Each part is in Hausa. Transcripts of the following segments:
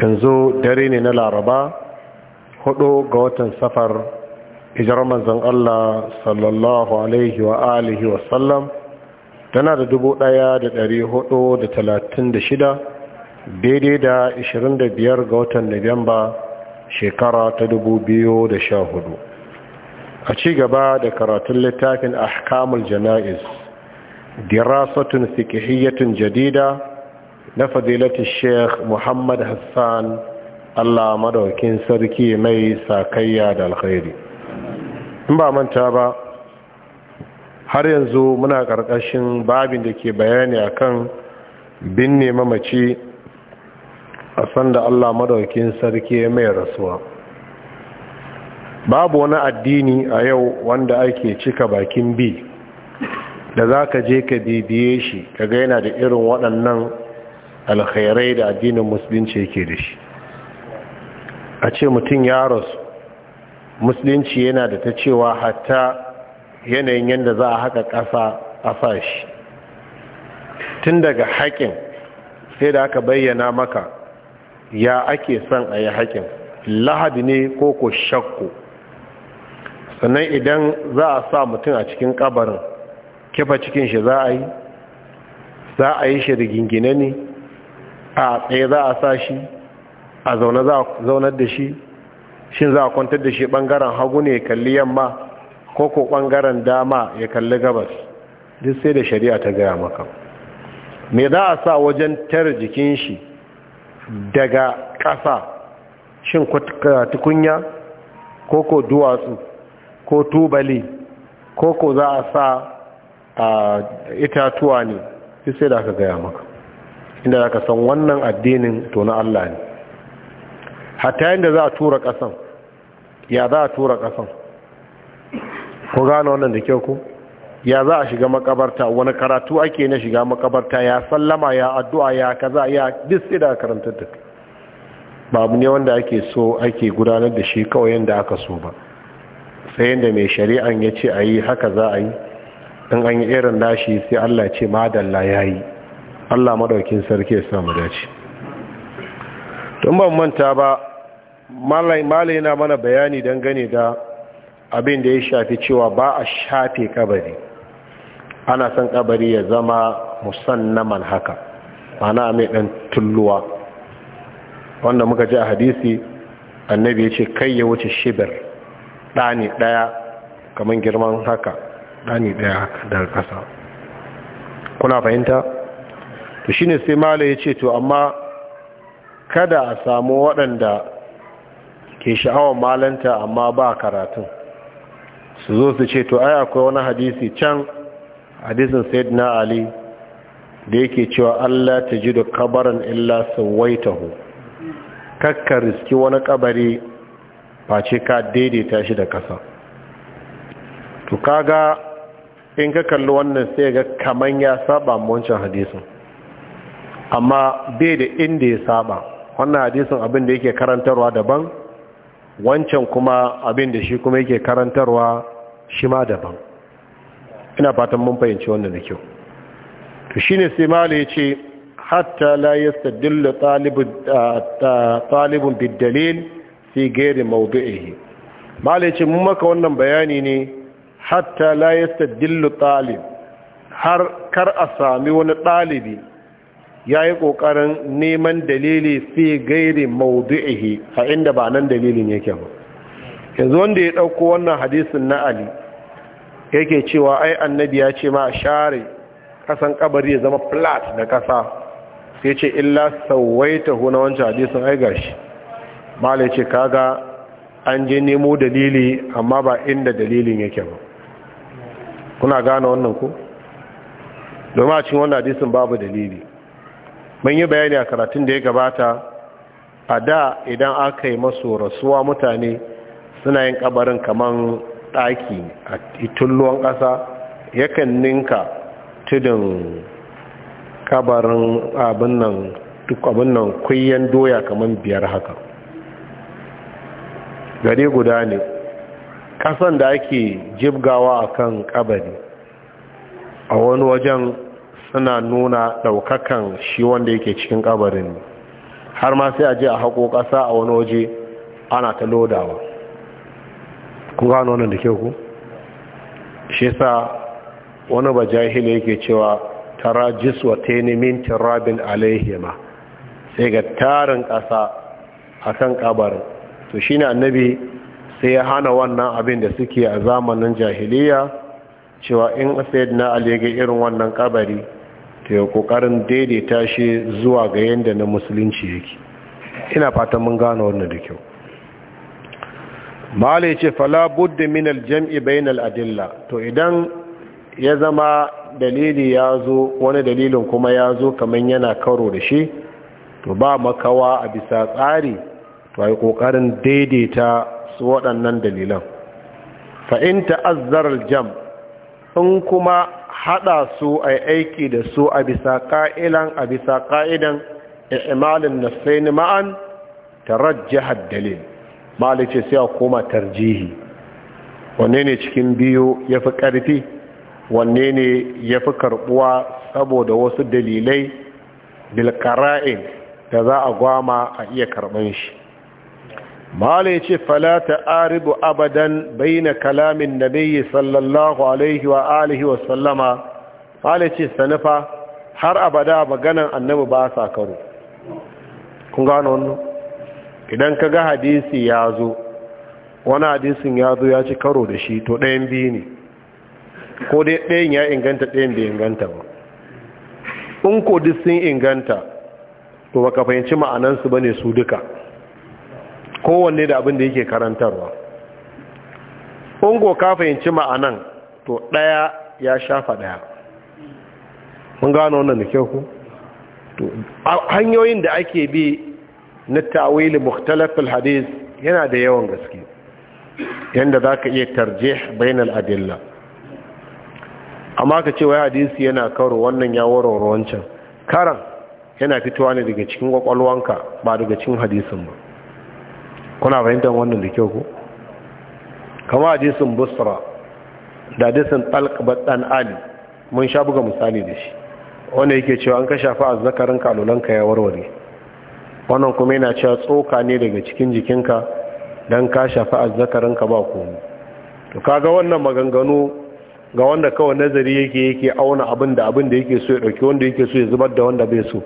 yanzu dare ne na laraba hudu ga watan safar ijar manzan Allah sallallahu alaihi wa alihi wa sallam tana da dubu daya da dari hudu da talatin da shida daidai da ishirin da biyar ga watan nabiyamba shekara ta dubu biyu da sha hudu a cigaba da karatun littafin ahkamul jana'iz دراسة Jarida جديدة لفضيلة الشيخ محمد حسان الله مدوكين سركي مي ساكيا da الخير in ba manta ba har yanzu muna ƙarƙashin babin da ke bayani kan binne mamaci a sanda Allah madaukin sarki mai rasuwa babu wani addini a yau wanda ake cika bakin bi da za ka je ka bibiye shi kaga yana da irin waɗannan alkhairai da addinin musulunci yake da shi a ce mutum ya rasu musulunci yana da ta cewa hatta yanayin yadda za a haka ƙasa a fashi tun daga haƙin sai da aka bayyana maka ya ake son a yi haƙin lahadi ne ko ko shakku sannan idan za a sa mutum a cikin ƙabarin kifa cikin shi za a yi za a yi shi rigingine ne a tsaye za a sa shi a zaune za a zaunar da shi shin za a kwantar da shi bangaren hagu ne ya kalli yamma ko ko bangaren dama ya kalli gabas duk sai da shari'a ta gaya maka me za a sa wajen tare jikin shi daga ƙasa shin tukunya ko ko duwatsu ko tubali ko ko za a sa a itatuwa ne sai da aka gaya maka inda za ka san wannan addinin to na Allah ne hatta yadda za a tura ƙasan ya za a tura ƙasan ku gane wannan da kyau ku ya za a shiga makabarta wani karatu ake na shiga makabarta ya sallama ya addu'a ya kaza ya duk sai da karantar da babu ne wanda ake so ake gudanar da shi kawai yadda aka so ba sai yadda mai shari'an ya ce a yi haka za a yi in an yi irin nashi sai Allah ce madalla ya yi Allah madaukin sarki ya samu dace tun ban manta ba malai na mana bayani gane da abin da ya shafi cewa ba a shafe kabari ana son kabari ya zama musannaman haka mana mai dan tulluwa wanda muka ji a hadisi annabi ya ce kai ya wuce shibir ɗani ɗaya kamar girman haka dani ɗaya daga ƙasa kuna fahimta to shine sai mala ya ce to amma kada a samu waɗanda ke sha'awar malanta amma ba karatun su zo su ce to ai akwai wani hadisi can hadisin sayyidina ali da yake cewa Allah ta ji da kabarin illa sawaitahu kakka riski wani kabari face ka daidaita shi da kasa to kaga in ka kalli wannan sai ga kaman ya saba wancan hadisin amma bai da inda ya saba wannan hadisin abin da yake karantarwa daban wancan kuma abin da shi kuma yake karantarwa shi ma daban ina fatan mun fahimci wannan da kyau to shine sai mala yace hatta la yastadillu talibu talibun bid dalil fi ghairi mawdi'ihi ya yace mun maka wannan bayani ne hatta la yastadillu talib har kar a sami wani ɗalibi ya yi ƙoƙarin neman dalili fi gairi maudu'ihi a inda ba nan dalilin yake ba yanzu wanda ya ɗauko wannan hadisin na ali yake cewa ai annabi ya ce ma a share ƙasan kabari ya zama flat da ƙasa sai ce illa sauwaita huna wancan hadisin ai gashi malai ce kaga an je nemo dalili amma ba inda dalilin yake ba kuna gane wannan ku domin a cikin wannan hadisin babu dalili mun yi bayani a karatun da ya gabata a da idan aka yi masu rasuwa mutane suna yin kabarin kaman daki a tulluwan ƙasa yakan ninka tudun kabarin abin nan duk abin nan doya kaman biyar haka gare guda ne kasan da ake jibgawa a kan kabari a wani wajen suna nuna daukakan shi wanda yake cikin kabarin har ma sai a je a haƙo ƙasa a wani waje ana ta lodawa ku gano wannan da ke ku shi sa wani ba jahili yake cewa tara jiswa ta yi min tirabin alaihima sai ga tarin ƙasa a kan kabarin to shi ne annabi sai ya hana wannan abin da suke a zamanin jahiliya cewa in sayid na alege irin wannan kabari ta yi kokarin daidaita shi zuwa ga yadda na musulunci yake ina fata mun gano wannan da kyau mala ya ce fala budda min aljam'i bainal adilla to idan ya zama dalili ya zo wani dalilin kuma ya zo kamar yana karo da shi to ba makawa a bisa tsari to ai kokarin daidaita su waɗannan dalilan fa'in ta'azzarar jam in kuma haɗa su a aiki da su a bisa ƙa'ilan a bisa ƙa'idan imalin nasaini ma'an ta rajjihar dalil malice sai a koma tarjihi wanne ne cikin biyu ya fi ƙarfi wanne ne ya fi karɓuwa saboda wasu dalilai bilkara'in da za a gwama a iya karɓan shi malai ce falata aribu abadan baina kalamin nabiyyi sallallahu alaihi wa alihi wa sallama malai ce sanufa har abada maganan annabi ba sa karo kun gano wannan idan ka ga hadisi ya zo wani hadisin ya zo ya ci karo da shi to ɗayan biyu ne ko dai ɗayan ya inganta ɗayan bai inganta ba in ko duk sun inganta to baka fahimci ma'anansu ba ne su duka kowanne da abin da yake karantarwa ungo ka fahimci ma'anan to ɗaya ya shafa ɗaya mun gano wannan da kyau ku hanyoyin da ake bi na ta'awili mukhtalafil hadis yana da yawan gaske yanda za ka iya tarjih bainal adilla amma ka ce wai hadisi yana karo wannan ya warware wancan karan yana fitowa ne daga cikin kwakwalwanka ba daga cikin hadisin ba kuna fahimtar wannan da kyau ku kama hadisun busra da hadisun talqabat dan ali mun sha buga misali da shi wanda yake cewa an ka shafa azzakarin kalulanka ya warware wannan kuma yana cewa tsoka ne daga cikin jikinka dan ka shafa azzakarinka ba komai to kaga wannan maganganu ga wanda kawai nazari yake yake auna abin da abin da yake so ya dauki wanda yake so ya zubar da wanda bai so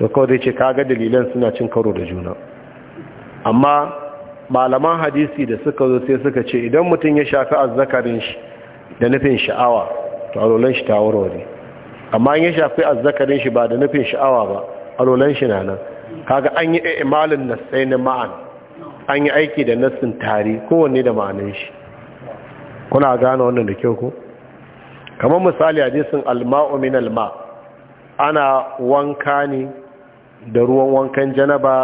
to kawai dai ce kaga dalilan suna cin karo da juna amma malaman hadisi da suka zo sai suka ce idan mutum ya shafi azzakarin shi da nufin sha'awa to alolan shi ta warware amma ya shafi azzakarin shi ba da nufin sha'awa ba alolan shi na nan kaga an yi imalin nasai na ma'an an yi aiki da nassin tare kowanne da ma'anin shi kuna gane wannan da kyau ko kamar misali hadisin alma'u min alma ana wanka ne da ruwan wankan janaba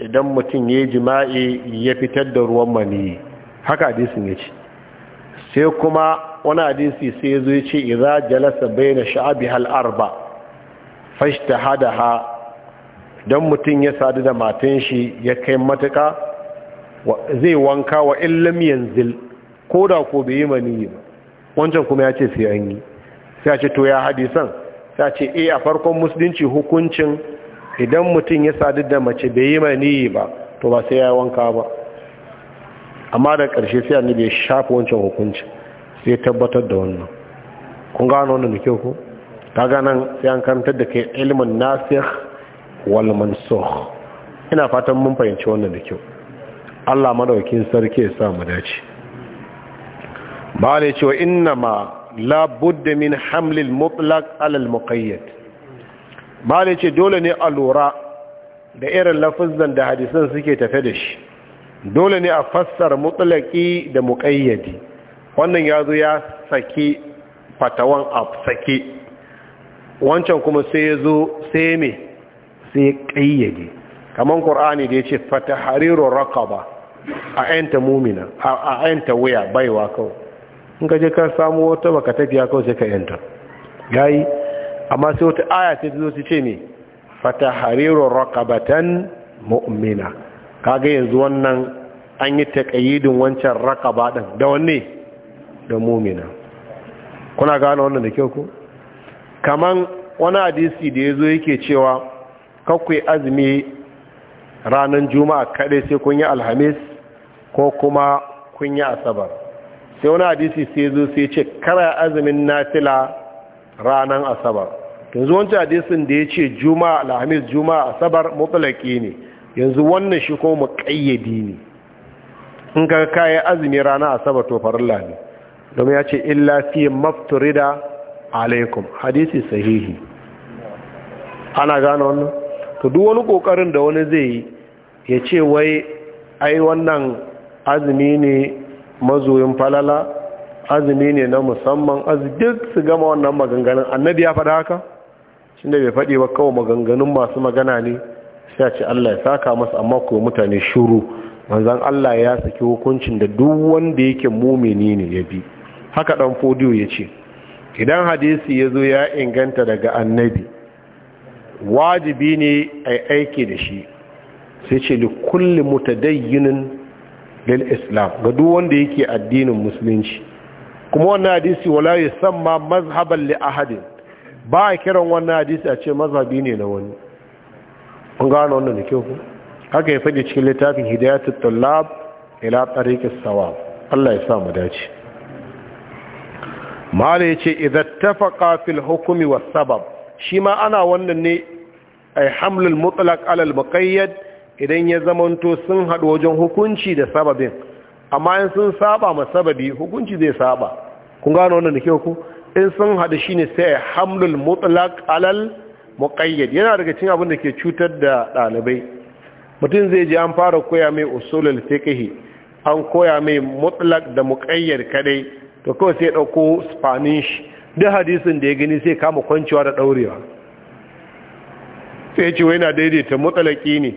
idan mutum ya yi jima'i ya fitar da ruwan maniyi haka hadisin ya ce sai kuma wani hadisi sai ya zo ya ce iza jalasa bai na sha'abi hal'arba fashta hada ha don mutum ya sadu da matan shi ya kai matuka zai wanka wa illam yanzil ko da ko bai yi maniyi ba wancan kuma ya ce sai an yi sai ce to ya hadisan sai ce e a farkon musulunci hukuncin idan mutum ya sadu da mace bai yi maniyi ba to ba sai ya wanka ba amma da ƙarshe sai annabi ya shafa wancan hukunci sai ya tabbatar da wannan kun gano wannan da kyau ko ta nan sai an karantar da kai ilmin nasikh wal mansukh ina fatan mun fahimci wannan da kyau Allah madaukakin sarki ya sa mu dace ba ne cewa inna ma labudda min hamlil mutlaq ala al muqayyad Mali ce dole ne a lura da irin lafizan da hadisan suke tafe da shi dole ne a fassar mutulaki da muƙayyadi wannan ya zo ya saki fatawan a saki, wancan kuma sai ya zo sai me sai ƙayyade kamar ƙor'ani da ya ce fata hariron rakaba a yanta mumina a yanta wuya baiwa kawai in ka je ka samu wata baka tafiya kawai sai ka yanta yi. amma sai wata aya sai ta zo su ce ne fata hariru rakabatan mu'mina kaga yanzu wannan an yi taƙayyidin wancan rakaba ɗin da wanne da mumina kuna gane wannan da kyau ko. kaman wani hadisi da ya zo yake cewa kakwai azumi ranar juma'a kaɗai sai kun yi alhamis ko kuma kun yi asabar sai wani hadisi sai zo sai ce kara azumin nafila ranar asabar yanzu wancan hadisin da ya ce juma'a alhamis juma'a asabar mutsalaki ne yanzu wannan shi kuma mu kayyadi ne in ka kayan azumi ranar asabar to farilla ne domin ya ce illa fi mafturida alaikum hadisi sahihi ana gane wannan to duk wani kokarin da wani zai yi ya ce wai ai wannan azumi ne mazoyin falala azumi ne na musamman duk su gama wannan maganganun annabi ya faɗa haka shi ne bai faɗi ba kawai maganganun masu magana ne sai a ce Allah ya saka masu amma ko mutane shuru manzan Allah ya saki hukuncin da duk wanda yake mumini ne ya bi haka ɗan fodiyo ya ce idan hadisi ya zo ya inganta daga annabi wajibi ne a aiki da shi sai ce da kulli mutadayyinin lil islam ga duk wanda yake addinin musulunci kuma wannan hadisi wala yusamma mazhaban li ahadin ba a kiran wannan hadisi a ce mazhabi ne na wani kun gano wannan da kyau haka ya fage cikin littafin hidayatul tullab ila tariqis sawab Allah ya sa mu dace mala yace idza tafaqa fil hukmi was sabab shi ma ana wannan ne ay hamlul mutlaq ala al muqayyad idan ya zamanto sun hadu wajen hukunci da sababin amma in sun saba ma sababi hukunci zai saba kun gano wannan da ke ku in sun hadu shine sai hamlul mutlaq alal muqayyad yana daga cikin abin da ke cutar da dalibai mutum zai je an fara koya mai usulul fiqh an koya mai mutlaq da muqayyad kadai to ko sai dauko spanish duk hadisin da ya gani sai kama kwancewa da daurewa sai ya ce wai na daidaita mutlaqi ne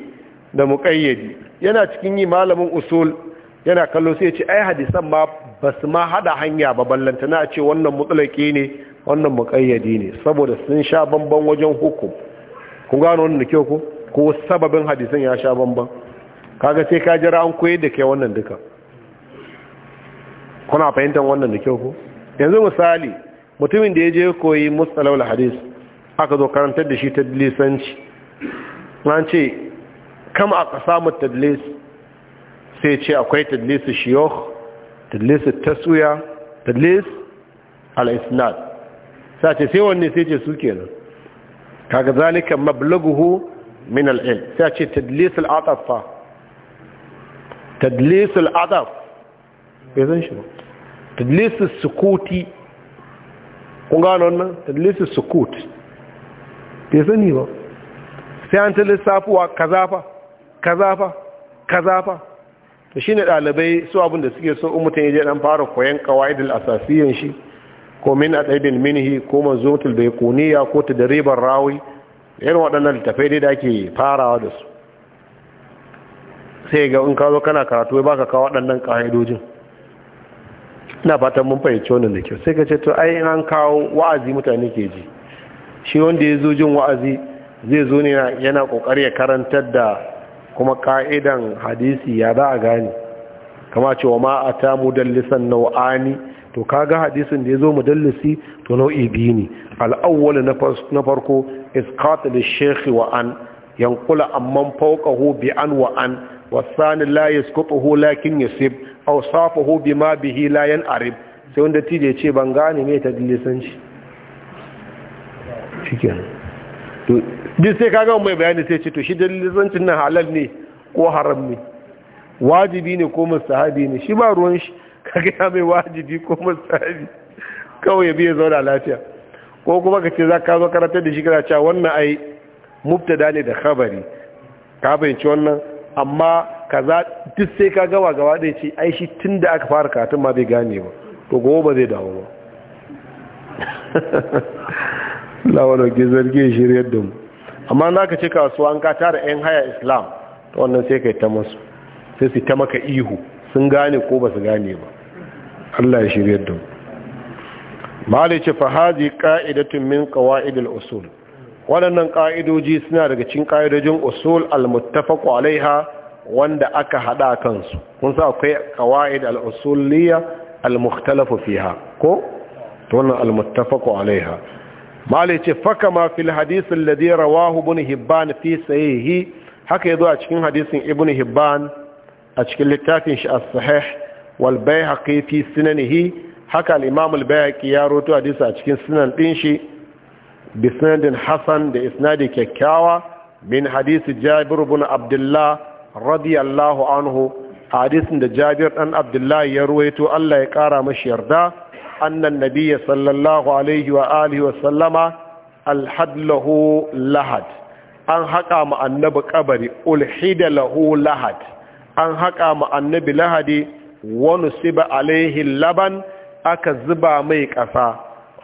da muqayyadi yana cikin yi malamin usul yana kallo sai ya ce ai hadisan ma ba su ma hada hanya ba ballantana a ce wannan mutsalaki ne wannan muƙayyadi ne saboda sun sha bamban wajen hukum Ku gano wannan da kyau ko ko sababin hadisan ya sha bamban kaga sai ka jira an koyar da kai wannan duka kuna fahimtar wannan da kyau ko yanzu misali mutumin da ya je koyi mustalawul hadis aka zo karantar da shi tadlisanci an ce kam a kasamu tadlis sai ce akwai tadlisu shiyokh tadlisu taswiya tadlis al-isnad sai ce sai wanne sai ce su kenan kaga zalika mablaguhu min al-ilm sai ce tadlis al-ataf fa tadlis al-ataf bai san shi tadlis sukuti kun gano wannan tadlis sukut bai yi ba sai an ta lissafuwa kazafa kazafa kazafa to shine dalibai su abin da suke so in mutum ya je dan fara koyan qawaidul asasiyan shi ko min adaibin minhi ko manzumatul bayquniya ko tadribar rawi irin waɗannan littafai dai da ake farawa da su sai ga in ka zo kana karatu ba ka kawo waɗannan ƙa'idojin ina fatan mun fahimci wannan da kyau sai ka ce to ai an kawo wa'azi mutane ke ji shi wanda ya zo jin wa'azi zai zo ne yana ƙoƙari ya karantar da kuma ka'idan hadisi ya za a gane kama cewa ma a ta mudallisan nau'ani to kaga hadisin da ya zo mudallisi to nau'i biyu ne al'awwal na farko is da shekhi wa an yankula amman hu bi an wa an wasani la hu lakin yusib hu bi ma bihi la yanarib sai wanda tije ce ban gane ne ta dillisanci Cikin. to sai kaga mai bayani sai ce to shi dalilancin nan halal ne ko haram ne wajibi ne ko mustahabi ne shi ba ruwan shi kaga ya mai wajibi ko mustahabi kawai ya biya zauna lafiya ko kuma ka ce za ka zo karatar da shi kana cewa wannan ai mubtada ne da khabari ka bayyana wannan amma kaza duk sai ka gawa gaba da ce ai shi tunda aka fara karatun ma bai gane ba to gobe ba zai dawo ba lawano ke zarge shirya da mu amma na ka ce kasuwa an ka tara 'yan haya islam ta wannan sai ka yi ta masu sai su ta maka ihu sun gane ko ba su gane ba allah ya shirya da mu ce fahazi ka'idatun min qawa'idil usul waɗannan ka'idoji suna daga cikin ka'idojin usul al alaiha wanda aka hada kansu kun sa akwai kawa'id al-usuliyya al-mukhtalafu fiha ko to wannan al-muttafaq alaiha malai ce faka ma fil hadisin zai rawahu ibn hibban fi sahihi haka ya zo a cikin hadisin ibn hibban a cikin littafin shi a sahih wal bayhaqi fi sunanihi haka al'imamul bai al ya roto hadisi a cikin sinan ɗin shi bi sanadin Hassan da isnadi kyakkyawa bin hadisi jabir bin abdullah radiyallahu anhu hadisin da jabir ɗan abdullah ya ruwaito Allah ya ƙara mashi yarda annan nabiyya sallallahu alaihi wa alihi wa sallama alhadlahu lahad an haƙa ma annabi ƙabari. ulhida an haƙa ma annabi lahadi wani siba alaihi laban aka zuba mai ƙasa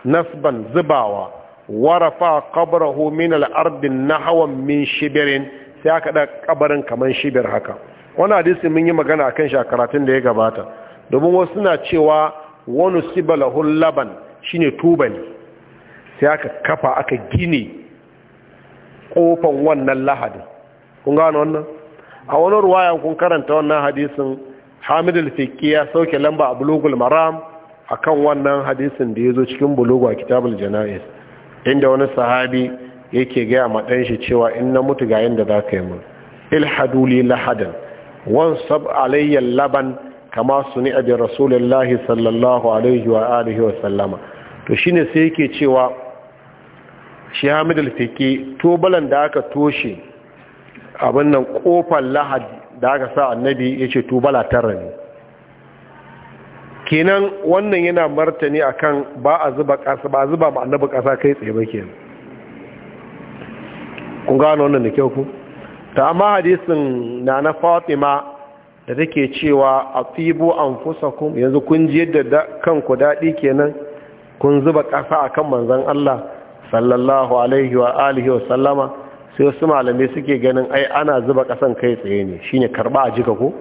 nasban zubawa warafa kabrahu min al'ardin na hawan min shibirin sai aka da ƙabarin kamar shibir haka wani hadisi mun yi magana a kan shakaratun da ya gabata domin wasu na cewa wani sibalahun laban shine tubali sai aka kafa aka gini kofan wannan lahadin kun gano wannan a wani ruwaya kun karanta wannan hadisin hamid al-fiqi ya sauke lamba a bulugul maram akan wannan hadisin da ya zo cikin bulugu a kitabul janayis inda wani sahabi yake gaya maɗan shi cewa in na mutu ga yadda za ka yi mun ilhadu li wani wansab laban kama su ni abi rasulullahi sallallahu alaihi wa alihi wa sallama to shine sai yake cewa shi hamid al-fiki tobalan da aka toshe abin nan kofar lahadi da aka sa annabi ce tobala tara ne kenan wannan yana martani akan ba a zuba kasa ba zuba ma annabi kasa kai tsaye ba kenan kun gano wannan da kyau ku ta amma hadisin na na fatima da take cewa a fibo an kun yanzu kun ji yadda kanku daɗi kenan kun zuba ƙasa a kan manzan Allah sallallahu alaihi wa alihi wa sallama sai wasu malamai suke ganin ai ana zuba ƙasan kai tsaye ne shine karɓa a jika ko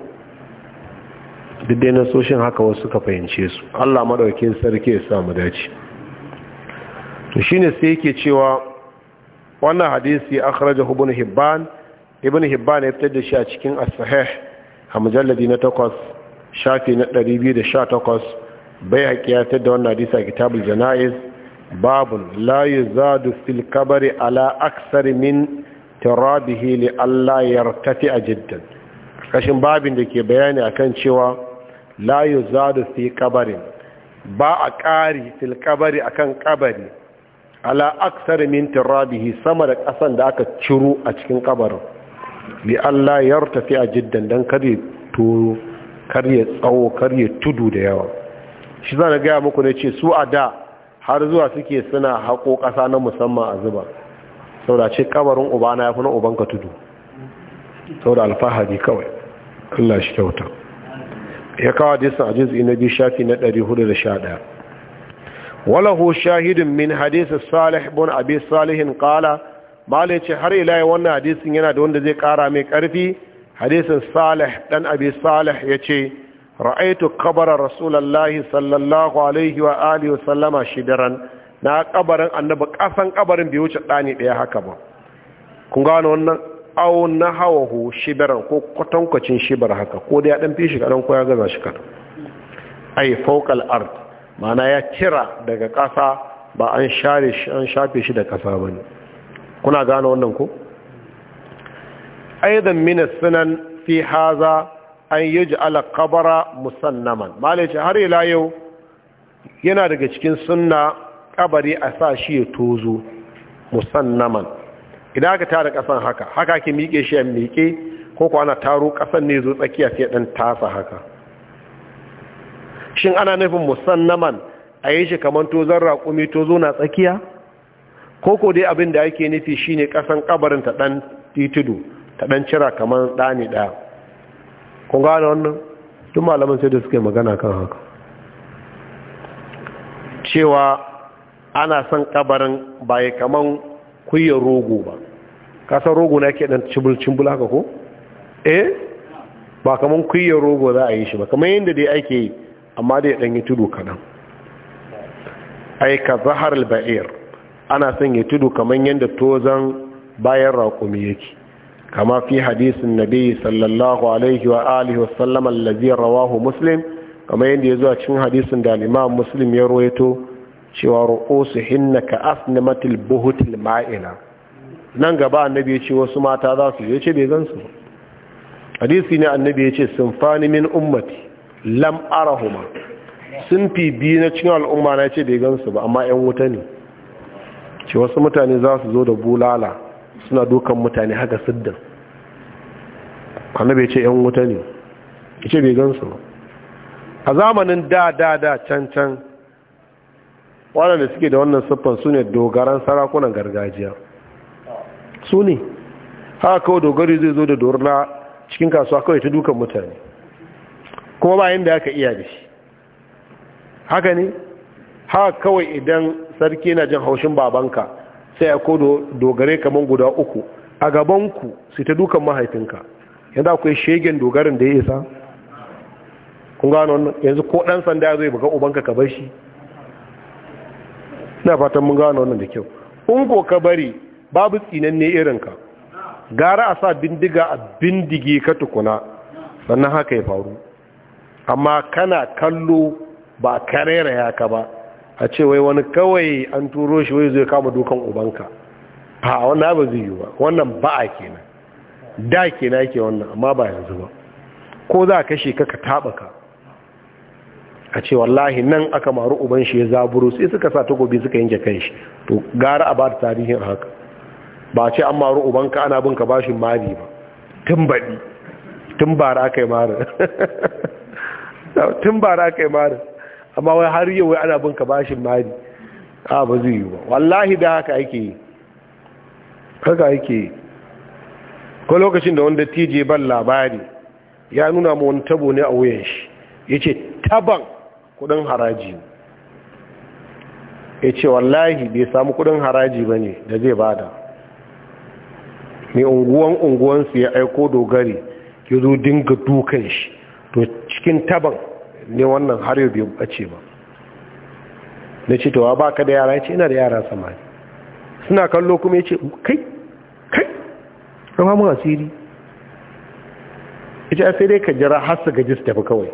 duk dai soshin haka wasu suka fahimce su Allah madaukakin sarki ya samu dace to shine sai yake cewa wannan hadisi akhrajahu ibn hibban ibn hibban ya fitar da shi a cikin as-sahih a mujalladi na takwas shafi na 218 bai haƙi ya da wannan hadisa kitabul janayis babun la yuzadu fil kabari ala aksar min turabihi li Allah yartafi a jiddan kashin babin da ke bayani akan cewa la yuzadu fi kabarin ba a ƙari fil kabari akan kabari ala aksar min turabihi sama da ƙasan da aka ciro a cikin kabarin bi Allah ya tafi a jiddan don karye toro karye tsawo ya tudu da yawa shi zana gaya muku ne ce su a da har zuwa suke suna haƙo ƙasa na musamman a zuba saboda ce kabarin ubana ya fi na ubanka tudu saboda alfahari kawai Allah shi kyauta ya kawo hadisin ajiz inabi shafi na 411 walahu shahidin min hadisi salih bin abi salihin kala ya ce har ila wannan hadisun yana da wanda zai kara mai karfi hadisin salih dan abi salih ya ce, "Ra'aitu kabarar Rasulallah sallallahu alaihi wa alihi wa sallama shidaran na kabarin annabi kasan kabarin bai wuce dani daya haka ba kun gano wannan au na hawahu shibaran ko kwatankwacin shibar haka ko da ya dan fishi kadan ko ya gaza shi kadan ai fawqal art ma'ana ya cira daga kasa ba an share shi an shafe shi da kasa bane kuna gano wannan ko aidan min sunan fi haza an yaj'ala qabara musannaman malaci har ila yau yana daga cikin sunna kabari a sa shi ya tozo musannaman idan aka tara kasan haka haka ke miƙe shi ya miƙe ko ko ana taro kasan ne zo tsakiya sai dan tasa haka shin ana nufin musannaman a yi shi kamar tozon raƙumi tozo na tsakiya koko dai abin da yake nufi shi ne kasan kabarin ta dan titudu ta dan cira kamar dani daya kun gane wannan tun malaman sai da suke magana kan haka cewa ana son kabarin baya kaman kuyar rogo ba kasan rogo na ke dan cimbul-cimbul haka ko eh ba kaman kuyar rogo za a yi shi ba kamar yadda dai ake yi amma dai dan yi tudu kaɗan aika zahar al-ba'ir ana son ya tudu kamar yadda tozan bayan raƙumi yake kama fi hadisin nabi sallallahu alaihi wa alihi wa sallam allazi rawahu muslim kamar yadda ya zuwa cikin hadisin da al muslim ya to cewa su hinna ka matil buhutil ma'ina nan gaba annabi ya ce wasu mata za su ya ce bai zan su hadisi ne annabi ya ce sun fani min ummati lam arahuma sun fi biyu na cikin al'umma na ce bai gan su ba amma yan wuta ne ce wasu mutane za su zo da bulala suna dukan mutane haka siddin annabi ce yan wuta ne ya ce bai gansu ba a zamanin da da da can can waɗanda suke da wannan siffan su ne dogaran sarakunan gargajiya su ne haka kawai dogari zai zo da dorla cikin kasuwa kawai ta dukan mutane kuma bayan da aka iya da shi haka ne haka kawai idan sarki yana jin haushin babanka sai ya kodo dogare kaman guda uku a gabanku su ta dukan mahaifinka yanzu akwai shegen dogarin da ya isa kun gano wannan yanzu ko dan sanda zai buga ubanka ka bar shi ina fatan mun gano wannan da kyau in ko ka bari babu tsinan ne irinka gara a sa bindiga a bindige ka tukuna sannan haka ya faru amma kana kallo ba karera ya ka ba a ce wai wani kawai an turo shi wai zai kama dukan ubanka a wannan ba zai yi ba wannan ba'a kenan da kenan yake wannan amma ba yanzu ba ko za a kashe ka taba ka a ce wallahi nan aka maru uban shi ya zaburu sai suka sa takobi suka yanke kai shi to gara a ba da tarihin haka ba ce an maru uban ka ana bin ka ba shi mari ba tun baɗi tun bara aka yi tun bara kai amma wai har yau wai ana binka bashin mari a ba zai yi ba wallahi da haka ake yi haka ake yi ko lokacin da wanda tj ban labari ya nuna ma wani tabo ne a wuyan shi ya ce taban kudin haraji ya ce wallahi bai samu kudin haraji ba ne da zai bada mai unguwan unguwansu ya aiko dogari ya zo dinga dukan shi to cikin taban ne wannan har yau bai bace ba na ce towa ba ka da yara ce ina da yara samari suna kallo kuma ya ce kai kai rama mu asiri ya ce sai dai ka jira har su gaji su tafi kawai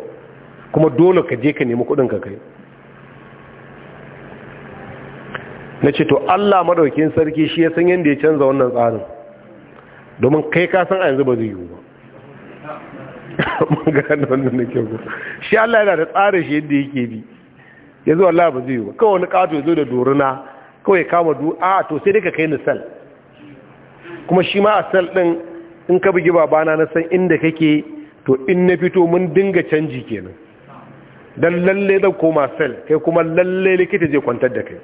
kuma dole ka je ka nemi kudin ka kai na ce to allah madaukin sarki shi ya san yadda ya canza wannan tsarin domin kai ka san a yanzu ba zai yiwu ba gane wannan da kyau shi Allah yana da tsara shi yadda yake bi ya zo Allah ba zai yi ba kawai wani ƙato ya zo da doruna kawai kama du a to sai dai ka kai ni sal kuma shi ma a sal ɗin in ka bugi babana na san inda kake to in na fito mun dinga canji kenan dan lalle zan koma sal. kai kuma lalle likita zai kwantar da kai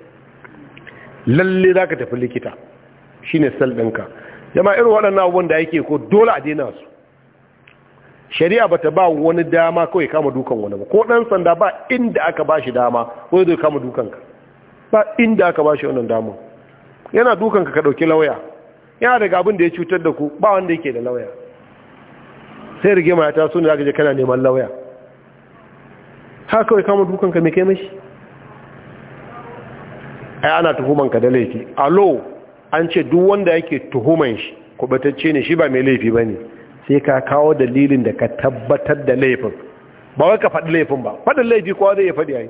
lalle za ka tafi likita shine sal ɗinka jama irin waɗannan abubuwan da yake ko dole a daina su shari'a bata ba wani dama kawai kama dukan wani ba ko ɗan sanda ba inda aka ba shi dama wani zai kama dukanka ba inda aka ba shi wannan dama yana dukanka ka ɗauki lauya yana daga abin da ya cutar da ku ba wanda yake da lauya sai ma ya taso ne zaka je kana neman lauya ha kawai kama dukanka me kai mashi ai ana tuhuman ka da laifi alo an ce duk wanda yake tuhuman shi kubatacce ne shi ba mai laifi bane sai ka kawo dalilin da ka tabbatar da laifin ba wai ka faɗi laifin ba faɗin laifi kowa zai iya faɗi yayi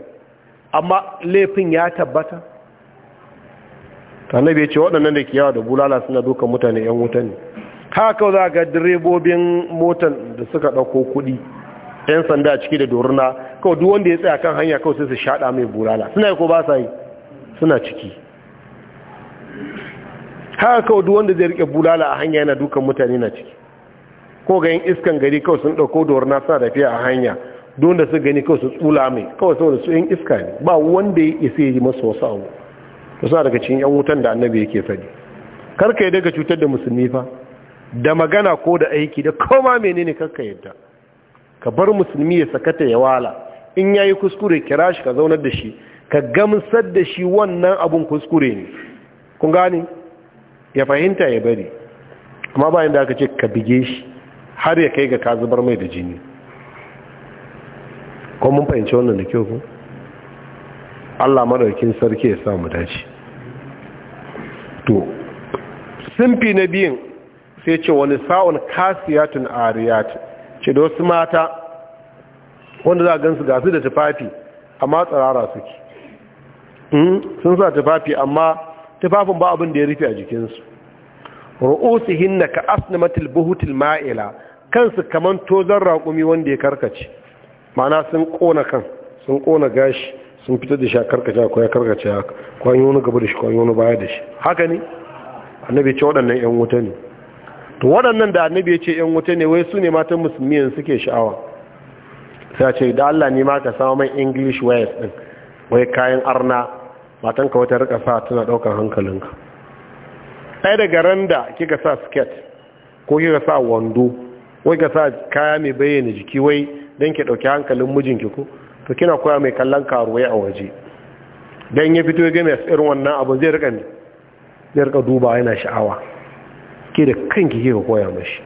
amma laifin ya tabbata annabi bai ce waɗannan da kiyawa da bulala suna dukan mutane yan wuta ne haka za ga direbobin motan da suka ɗauko kuɗi yan sanda a ciki da doruna kawai duk wanda ya tsaya kan hanya kawai sai su shaɗa mai bulala suna yi ko ba sa yi suna ciki haka kawai duk wanda zai rike bulala a hanya yana dukan mutane na ciki ko ga yin iskan gari kawai sun ɗauko da dorna suna tafiya a hanya don da su gani kawai su tsula mai kawai saboda su yin iska ne ba wanda ya isa yi masu wasu abu to suna daga cikin yan wutan da annabi yake faɗi karka yi daga cutar da musulmi fa da magana ko da aiki da koma menene karka yadda ka bar musulmi ya sakata ya wala in yayi kuskure kira shi ka zaunar da shi ka gamsar da shi wannan abun kuskure ne kun gane ya fahimta ya bari amma bayan da aka ce ka bige shi har ya kai ga ka zubar mai da jini ko mun fahimci wannan da kyau ku? Allah madaukin sarki ya sa mu dace to simfi na biyin sai ce wani sa'un kasiyatun ariyat ce da wasu mata wanda za a gansu gasu da tufafi amma tsirara suke hmm? sun sa tufafi amma tufafin ba abin da ya rufe a jikinsu na ka asnamatil buhutil ma'ila kansu kaman tozon raƙumi wanda ya karkace mana sun ƙona kan sun ƙona gashi sun fita da shi a karkace ko ya karkace haka kwan wani gaba da shi kwan wani baya da shi haka ne annabi ce waɗannan 'yan wuta ne to waɗannan da annabi ya ce 'yan wuta ne wai su ne matan musulmi yanzu suke sha'awa sai ce da Allah ne ma ka samu mai english wires din wai kayan arna matan ka wata rika sa tana ɗaukar hankalinka ɗaya daga randa kika sa skirt ko kika sa wando wai ka sa kaya mai bayyana jiki wai don ki ɗauki hankalin mijinki ku to kina koya mai kallon karuwai a waje don ya fito game a irin wannan abin zai rika zai rika duba yana sha'awa ke da kanki ke koya mashi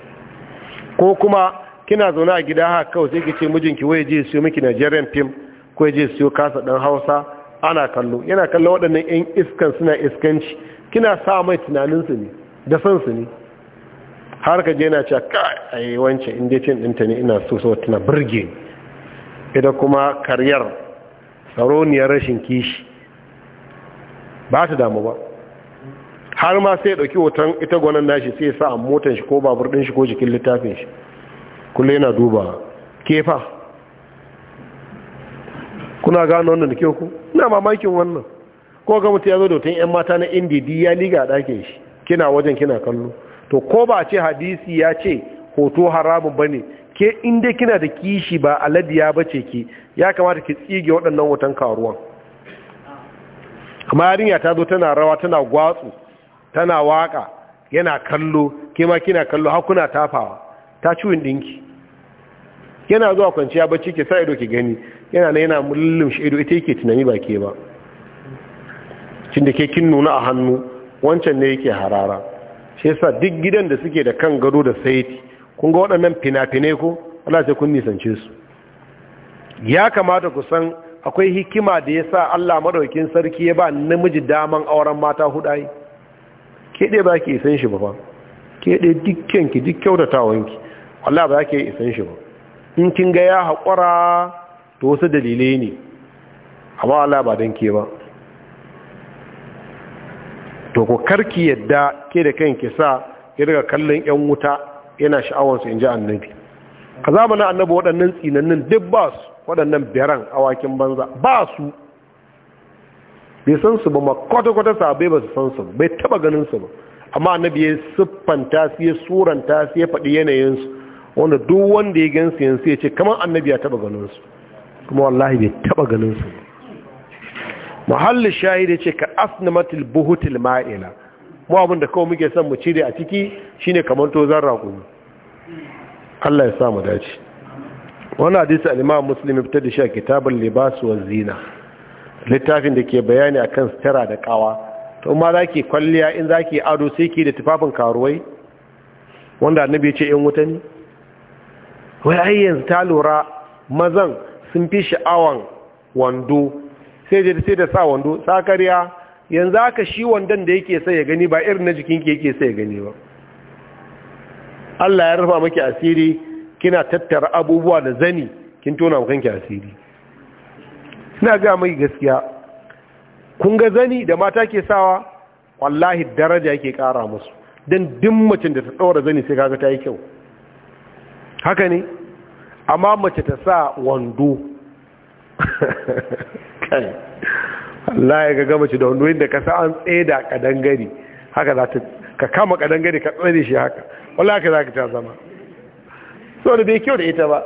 ko kuma kina zaune a gida haka kawai sai ki ce mijinki wai je siyo miki Nigerian film ko je siyo kasa dan Hausa ana kallo yana kallo waɗannan 'yan iskan suna iskanci kina sa mai tunaninsu ne da san su ne har ka je na ce ka yi wance inda ɗinta ne ina so so tana birge ita kuma karyar tsaroniyar rashin kishi ba ta damu ba har ma sai ɗauki hoton ita gwanon nashi sai ya sa a motar shi ko babur ɗin shi ko jikin littafin shi kullum yana duba kefa kuna gano wannan da ke ku ina mamakin wannan ko ga mutu ya zo da hoton 'yan mata na indidi ya liga a ɗakin shi kina wajen kina kallo to ko ba ce hadisi ya ce hoto haramun ne ke inda kina da kishi ba aladiya bace ki ya kamata ki tsige waɗannan hoton karuwan kuma yarinya ta zo tana rawa tana gwatsu tana waka yana kallo ke ma kina kallo hakuna ta tafawa ta ciwon dinki yana zuwa kwanciya bacci ke sa ido ke gani yana na yana mulum shi ido ita yake tunani ba ke ba cin da ke kin nuna a hannu wancan ne yake harara shi yasa duk gidan da suke da kan gado da saiti kun ga waɗannan fina-finai ko Allah sai kun nisance su ya kamata ku san akwai hikima da yasa Allah madaukakin sarki ya ba namiji daman auren mata hudai ke dai ba ki san shi ba fa ke dai dukkan ki duk kyautatawanki Allah ba ki isan shi ba in kin ga ya haƙura to wasu dalilai ne amma Allah ba dan ke ba to ko karki yadda ke da kan kanki sa ya daga kallon yan wuta yana sha'awar su ji annabi a zamanin annabi waɗannan tsinannin duk ba su waɗannan biran awakin banza ba su bai san su ba ma kwata-kwata sabai ba su san su bai taba ganin su ba amma annabi ya siffanta su ya suranta su ya faɗi yanayin su wanda duk wanda ya gansu su yanzu ya ce kamar annabi ya taba ganin su kuma wallahi bai taba ganin su muhalli da ce ka asnamatil buhutil ma'ila mu abin da kawai muke son mu cire a ciki shine kamar tozan raƙumi Allah ya sa mu dace wani hadisi al-Imam ya fitar da shi a kitabul libas wa zina littafin da ke bayani akan sitara da kawa to ma zaki kwalliya in zaki ado sai ki da tufafin karuwai wanda annabi ce in wuta ne wai ai yanzu ta lura mazan sun fi sha'awan wando sai da sai da sa wando sa kariya yanzu aka shi wandon da yake sai ya gani ba irin na jikinki yake sai ya gani ba Allah ya rufa maki asiri kina tattara abubuwa da zani kin tona wa kanki asiri ina ga mai gaskiya kun ga zani da mata ke sawa wallahi daraja yake kara musu dan duk da ta daura zani sai kaga ta yi kyau haka ne amma mace ta sa wando kai Allah ya ga mace da wani wanda ka sa an tseda kadan gari haka za ta ka kama kadan gari ka tsare shi haka wala ka za ka ta zama so da bai kyau da ita ba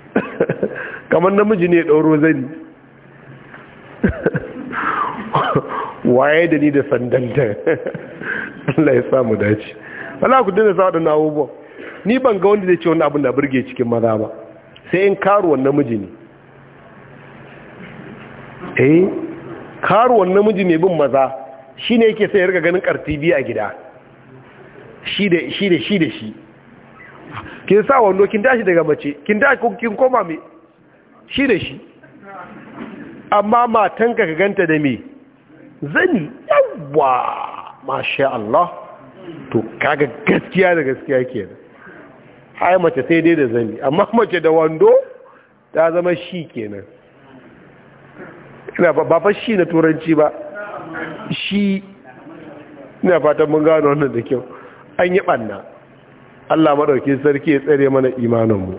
kamar namiji ne ɗauro zani waye da ni da sandanta Allah ya samu dace wala ku dinga sa wadannan abubuwan ni ban ga wanda zai ce wani abin da burge cikin maza ba sai in karuwan namiji ne eh karuwan namiji mai bin maza shi ne yake sai ya riga ganin biya a gida shi da shi da shi da shi kin sa wando kin tashi daga mace kin tashi kin koma mai shi da shi amma matanka ka ganta da me zani yawa masha Allah to kaga gaskiya da gaskiya kenan hai mace sai dai da zani amma mace da wando ta zama shi kenan ina ba fa shi na turanci ba shi ina fatan mun gano wannan da kyau an yi ɓanna Allah maɗauki sarki ya tsare mana imaninmu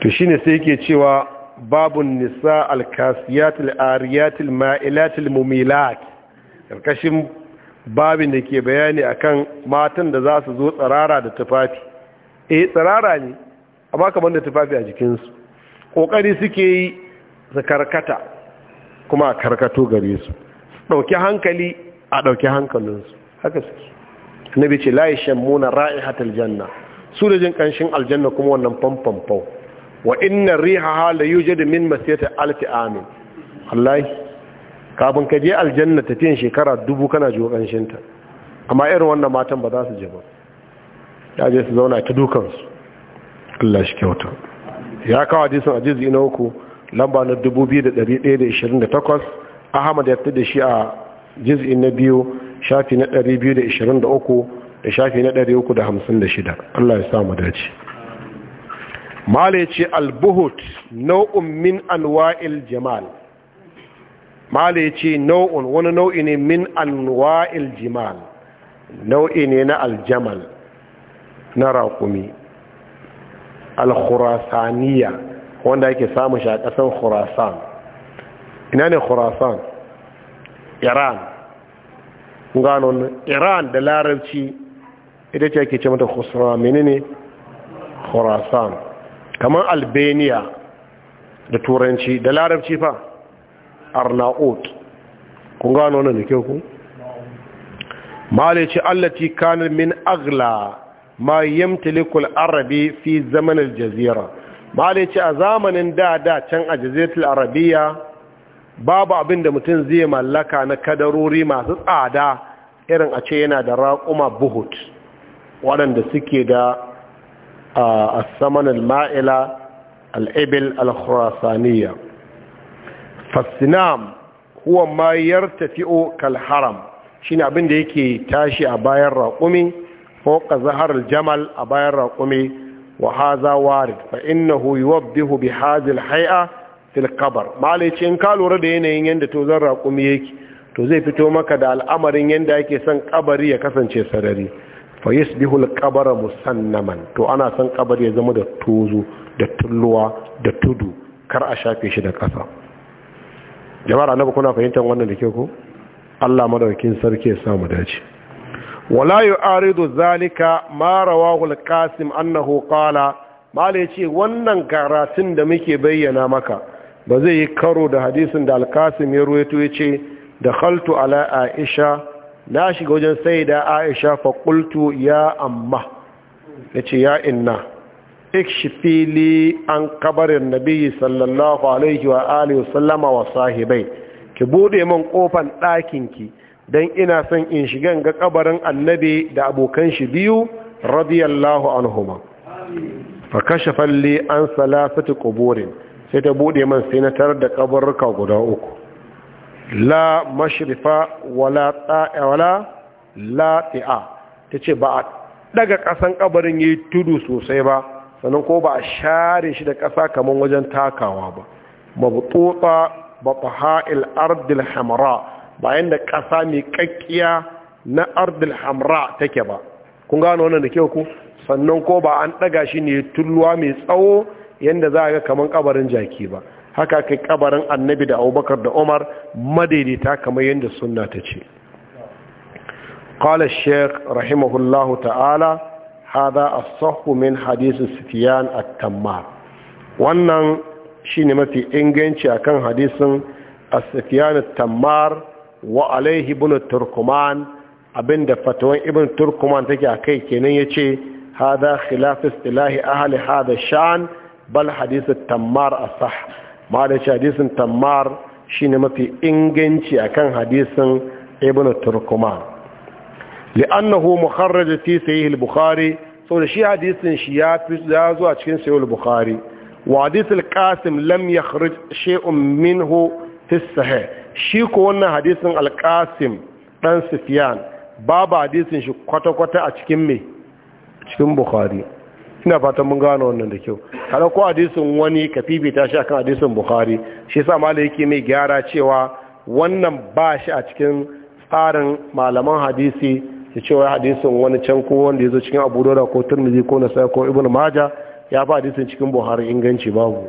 to shi ne sai ke cewa babun nisa alkasiyatul ariyatul ma'ilatul mumilat ƙarƙashin babin da ke bayani akan matan da za su zo tsarara da tufafi eh tsarara ne amma kamar da tufafi a jikinsu ƙoƙari suke yi su karkata kuma a karkato gare su ɗauki hankali a ɗauki hankalinsu haka suke bi ce la ra'i ra'ihatal janna su da jin ƙanshin aljanna kuma wannan famfan fau wa inna rihaha la yujadu min masiyata alfi amin wallahi kafin ka je aljanna tafiyan shekara dubu kana jiwo ƙanshinta. ta amma irin wannan matan ba za su je ba ya je su zauna ta dukansu Allah shi kyauta ya kawo hadisin ajizi ina uku lamba na 2128 ahmad ya fi da shi a jiz'in na biyu shafi na 223 da shafi na 356 Allah ya samu dace mala ce albuhut nau'un min anwa'il jamal mala ce nau'un wani nau'i ne min anwa'il jamal nau'i ne na aljamal na raƙumi alkhurasaniya wanda ake samun shi a ƙasar khurasan ina ne khurasan iran gano iran da larabci ita ce ake ce mata khusra menene khurasan kamar albania da turanci da larabci fa arnaut kun gano wannan da kyau ku malaci allati kanar min agla ma yamtalikul arabi fi zamanin jazira da ce a zamanin dada can a jazirtul arabiya babu abin da mutum zai mallaka na kadarori masu tsada irin a ce yana da raƙuma buhut waɗanda suke da a al ma'ila Al-Ibil, al-khurasaniya fasinam huwa ma kal kalharam shine abin da yake tashi a bayan raƙumi ko ƙazahar jamal a bayan raƙumi wa haza warid fa innahu yuwaddihu bi hadhihi al-hay'a fil qabr malai in ka lura da yanayin yanda to zan raƙumi yake to zai fito maka da al'amarin yanda ake son kabari ya kasance sarari fayis yasbihu al musannaman to ana son kabari ya zama da tuzu da tulluwa da tudu kar a shafe shi da ƙasa jama'ar annabi kuna fahimtar wannan da ke ko Allah madaukakin sarki ya samu dace ولا يعارض zalika ما رواه القاسم انه annahu ما malai ce wannan karatun da muke bayyana maka ba zai yi karo da hadisin da al-qasim ya ruwaito yace dakhaltu ala aisha na shiga wajen sayyida aisha fa qultu ya amma yace ya inna ikshifi li an kabarin nabiyyi sallallahu alaihi wa alihi wa sallama wa sahibai ki bude min kofan ɗakinki. ki don ina son in shigan ga kabarin annabi da abokan shi biyu radiyallahu anhuma fa kashafa li an salasati quburin sai ta bude man sai na tarar da kabarruka guda uku la mashrifa wala ta'a wala la tace ba a daga kasan kabarin yayi tudu sosai ba sannan ko ba a share shi da kasa kaman wajen takawa ba mabtuta bataha'il ardil hamra bayan da ƙasa mai ƙaƙƙiya na ardil hamra take ba kun gano wannan da kyau ku sannan ko ba an ɗaga shi ne tulluwa mai tsawo yadda za a ga kamar ƙabarin jaki ba haka kai ƙabarin annabi da abubakar da umar madaidaita kamar yadda sunna ta ce قال الشيخ rahimahullahu ta'ala تعالى a الصح من حديث atamma. wannan shine mafi inganci akan hadisin a sufyan tammar wa alaihi ibn turkuman abinda fatawan ibn turkuman take a kai kenan yace ce hada khilaf istilahi ahli hada shan bal at tammar asah ma da shi hadisin tammar shine mafi inganci akan hadisin ibn turkuman li'annahu mukharraj fi sahih al-bukhari da shi hadisin shi ya ya zuwa cikin sahih al-bukhari wa hadith al-qasim lam yakhruj shay'un minhu fi shi ko wannan hadisin alkasim dan sufyan babu hadisin shi kwata-kwata a cikin me cikin bukhari ina fatan mun gano wannan da kyau kada ko hadisin wani ka fifita shi akan hadisin bukhari shi yasa malai yake mai gyara cewa wannan ba shi a cikin tsarin malaman hadisi ya cewa hadisin wani can ko wanda ya zo cikin abu ko turmizi ko nasa ko ibn maja ya fi hadisin cikin buhari inganci babu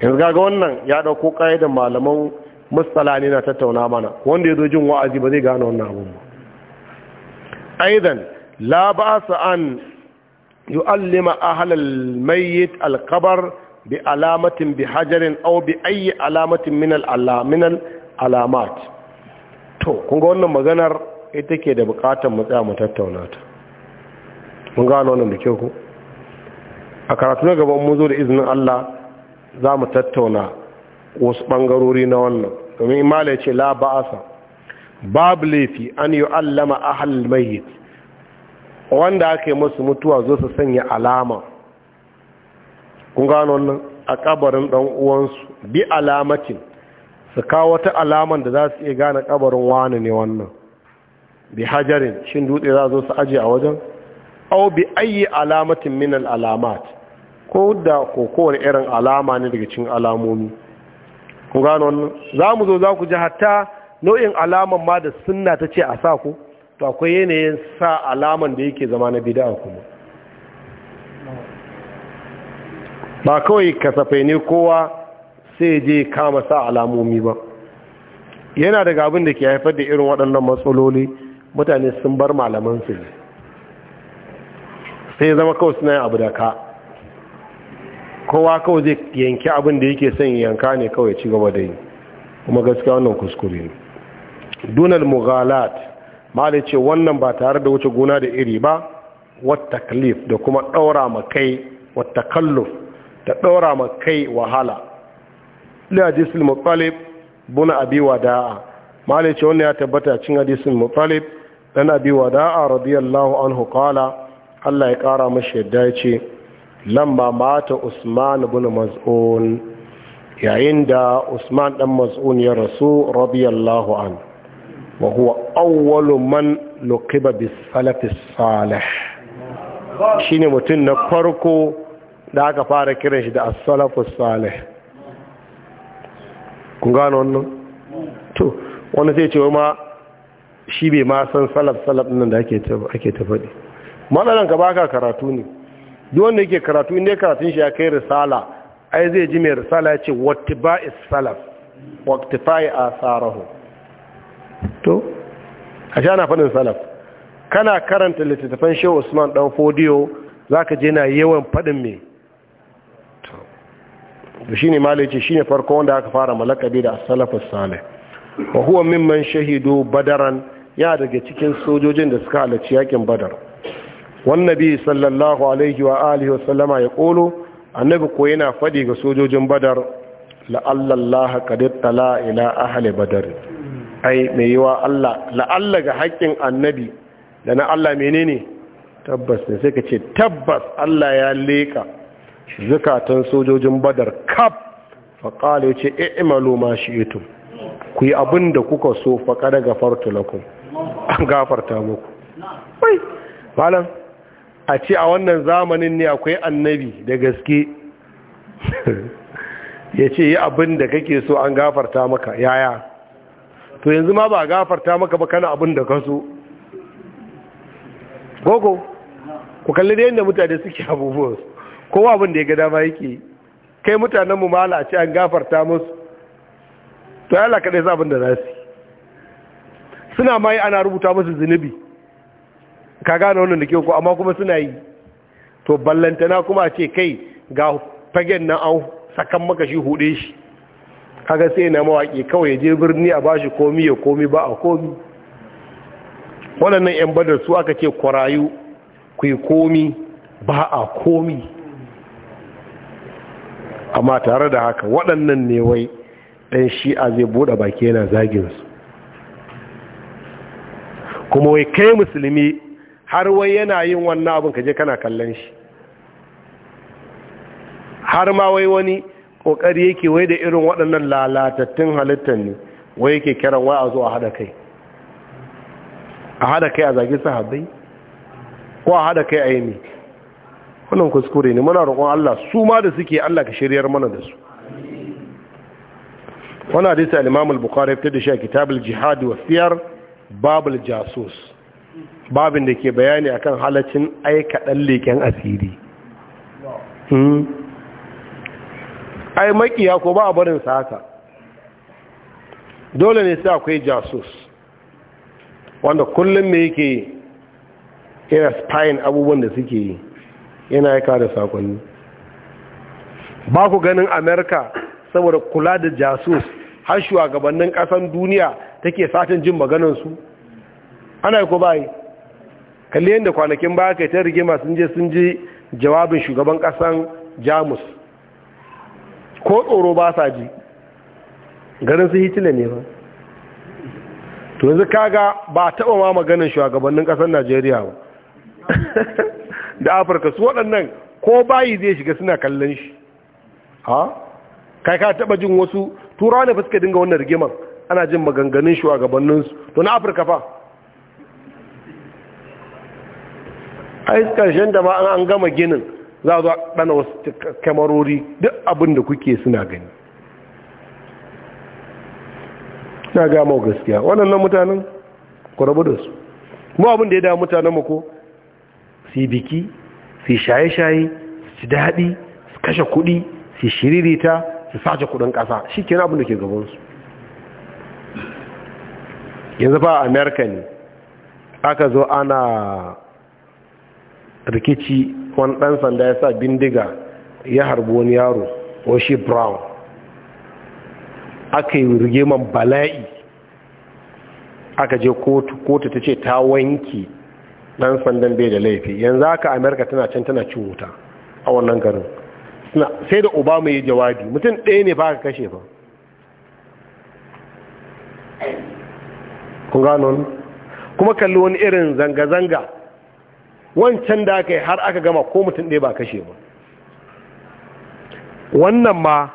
yanzu ga wannan ya dauko da malaman mustala ne na tattauna mana wanda ya zo jin wa'azi ba zai gane wannan abin ba aidan la ba'sa an yu'allima halal mayyit al-qabr bi alamatin bi hajarin aw bi ayi alamatin min al-alamin alamat to kun ga wannan maganar ita ke da bukatar mu tsaya mu tattauna ta mun gano wannan da kyau ko a karatu na gaban mu zo da izinin Allah za mu tattauna wasu bangarori na wannan domin imala ce la ba'asa babu laifi an yi allama ahal mayit wanda aka yi masu mutuwa zo su sanya alama kun gano wannan a kabarin ɗan uwansu bi alamatin su kawo wata alaman da za su iya gane kabarin wani ne wannan bi hajarin shin dutse za zo su ajiye a wajen au bi ayi alamatin min al alamat ko da ko kowane irin alama ne daga cikin alamomi ku gano wannan za mu zo za ku ji hatta nau'in alaman ma da sunna ta ce a sa ku to akwai yanayin sa alaman da yake zama na bid'a kuma ba kawai kasafai ne kowa sai je kama sa alamomi ba yana daga abin da ke haifar da irin waɗannan matsaloli mutane sun bar malamansu ne sai zama kawai suna yin abu da ka kowa kawai zai yanki abin da yake son yanka ne kawai ci gaba da yi kuma gaskiya wannan kuskure ne dunal mughalat malai ce wannan ba tare da wuce gona da iri ba wata da kuma daura ma kai wat da daura ma kai wahala li hadisul mutalib bun abi wada'a malai ce wannan ya tabbata cin hadisul mutalib dan abi wada'a radiyallahu anhu qala Allah ya kara mashi yadda ya ce ba mata usman bin maz'un yayin da usman dan maz'un ya rasu radiyallahu an wa huwa awwalu man luqiba bis salaf salih shine mutum na farko da aka fara kiran shi da as-salaf salih kun gano wannan to wani sai ce ma shi bai ma san salaf salaf nan da ake ta faɗi matsalan ka baka karatu ne duk wanda yake karatu inda karatun shi ya kai risala ai zai ji mai risala ya ce wattiba'is salaf waktifa'i asarahu to a sha na faɗin salaf kana karanta littattafan shehu usman dan fodiyo ka je na yawan faɗin mai to ne malai ce ne farko wanda aka fara malakabi da asalafin salafus wa huwa mimman shahidu badaran ya daga cikin sojojin da suka halarci yakin badar wannabi sallallahu alaihi wa alihi wasallama ya kolo annabi ko yana fadi ga sojojin badar la'allallaha qad tala ila ahli badar ai mai yiwa Allah la'alla ga haƙƙin annabi da na Allah menene tabbas ne sai ka ce tabbas Allah ya leka zukatan sojojin badar kaf faqala yace i'malu ma shi'tum ku yi abin da kuka so faƙa daga fartulakun an gafarta muku. Wai, malam, a ce a wannan zamanin ne akwai annabi da gaske ya ce yi abin da kake so an gafarta maka yaya to yanzu ma ba gafarta maka ba kana abin da ka so gogo ku kalli da yadda mutane suke abubuwan kowa abin da ya gada ma yake kai mutanenmu mala a ce an gafarta musu to yala kaɗai za abin da za su suna ma yi ana rubuta musu zunubi ka gane wannan da ke ku, amma kuma suna yi to ballantana kuma ce kai ga fagen na an sakan maka shi hude shi kaga sai na mawaƙi kawai ya je birni a bashi komi ya komi ba a komi waɗannan 'yan badar su aka ce kwarayu ku yi komi ba a komi amma tare da haka waɗannan ne wai ɗan shi'a zai buɗe baki yana zaginsu kuma wai kai musulmi har wai yana yin wannan abin kaje kana kallon shi har ma wai wani kokari yake wai da irin waɗannan lalatattun halittar ne wai yake kiran wai a zo a haɗa kai a haɗa kai a zagi sahabbai ko a haɗa kai a yi ne wannan kuskure ne muna roƙon Allah su ma da suke Allah ka shiryar mana da su wannan hadisi al-Imam al-Bukhari ya fitar da shi a Kitab jihad wa Siyar Babul Jasus babin da ke bayani akan halacin aika ɗan leken asiri hmm? ai makiya ko ba a barin sa dole ne sai akwai jasus wanda kullum me yake yana spying abubuwan da suke yi yana aika da sakonni ba ku ganin amerika saboda kula da jasus har shugabannin kasan duniya take satin jin maganansu ana yi ko bayi kalli yadda kwanakin baya kai ta rigima sun je sun ji jawabin shugaban kasan jamus ko tsoro ba sa ji garin su hitila ne ba to yanzu kaga ba a taɓa ma maganin shugabannin kasan najeriya ba da afirka su waɗannan ko bayi zai shiga suna kallon shi ha kai ka taɓa jin wasu tura ne fuska dinga wannan rigiman ana jin maganganun shugabanninsu to na afirka fa ai karshen da ma an gama ginin za a zo ɗana wasu kamarori duk abin da kuke suna gani na gama gaskiya waɗannan mutanen ku rabu da su mu abin da ya da mutanen mako ko su biki su shaye-shaye su daɗi su kashe kuɗi su shiririta su sace kuɗin ƙasa shi ke abin da ke gabansu yanzu ba a amerika ne aka zo ana rikici wani dan sanda ya sa bindiga ya harbi wani yaro washe brown aka yi rigeman bala'i aka je kotu kotu ta ce ta wanki dan sandan bai da laifi yanzu aka amerika tana can tana cin wuta a wannan garin sai da obama ya jawabi mutum ɗaya ne ba ka kashe ba kuma kalli wani irin zanga-zanga wancan da aka yi har aka gama ko mutum ɗaya ba kashe ba wannan ma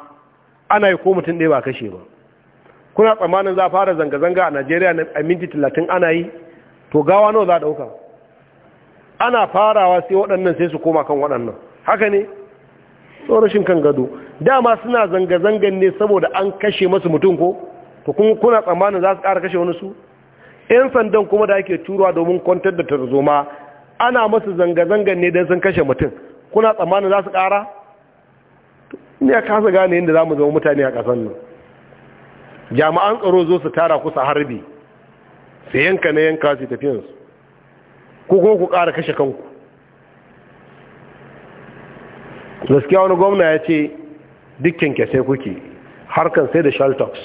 ana yi ko mutum ɗaya ba kashe ba kuna tsammanin za fara zanga-zanga a najeriya na minti talatin ana yi to gawa nawa za ɗauka ana farawa sai waɗannan sai su koma kan waɗannan haka ne tsorashin kan gado dama suna zanga-zangan ne saboda an kashe masu mutum ko to kuna tsammanin za su ƙara kashe wani su 'yan sandan kuma da ake turuwa domin kwantar da tarzoma ana masu zanga-zangan ne don sun kashe mutum kuna tsammanin za su ƙara ne ya kasa gane yadda za mu zama mutane a ƙasan nan jami'an tsaro zo su tara kusa harbi sai yanka na yanka su tafiyansu ko kuma ku ƙara kashe kanku gaskiya wani gwamna ya ce dukkan kyasai kuke harkan sai da shaltoks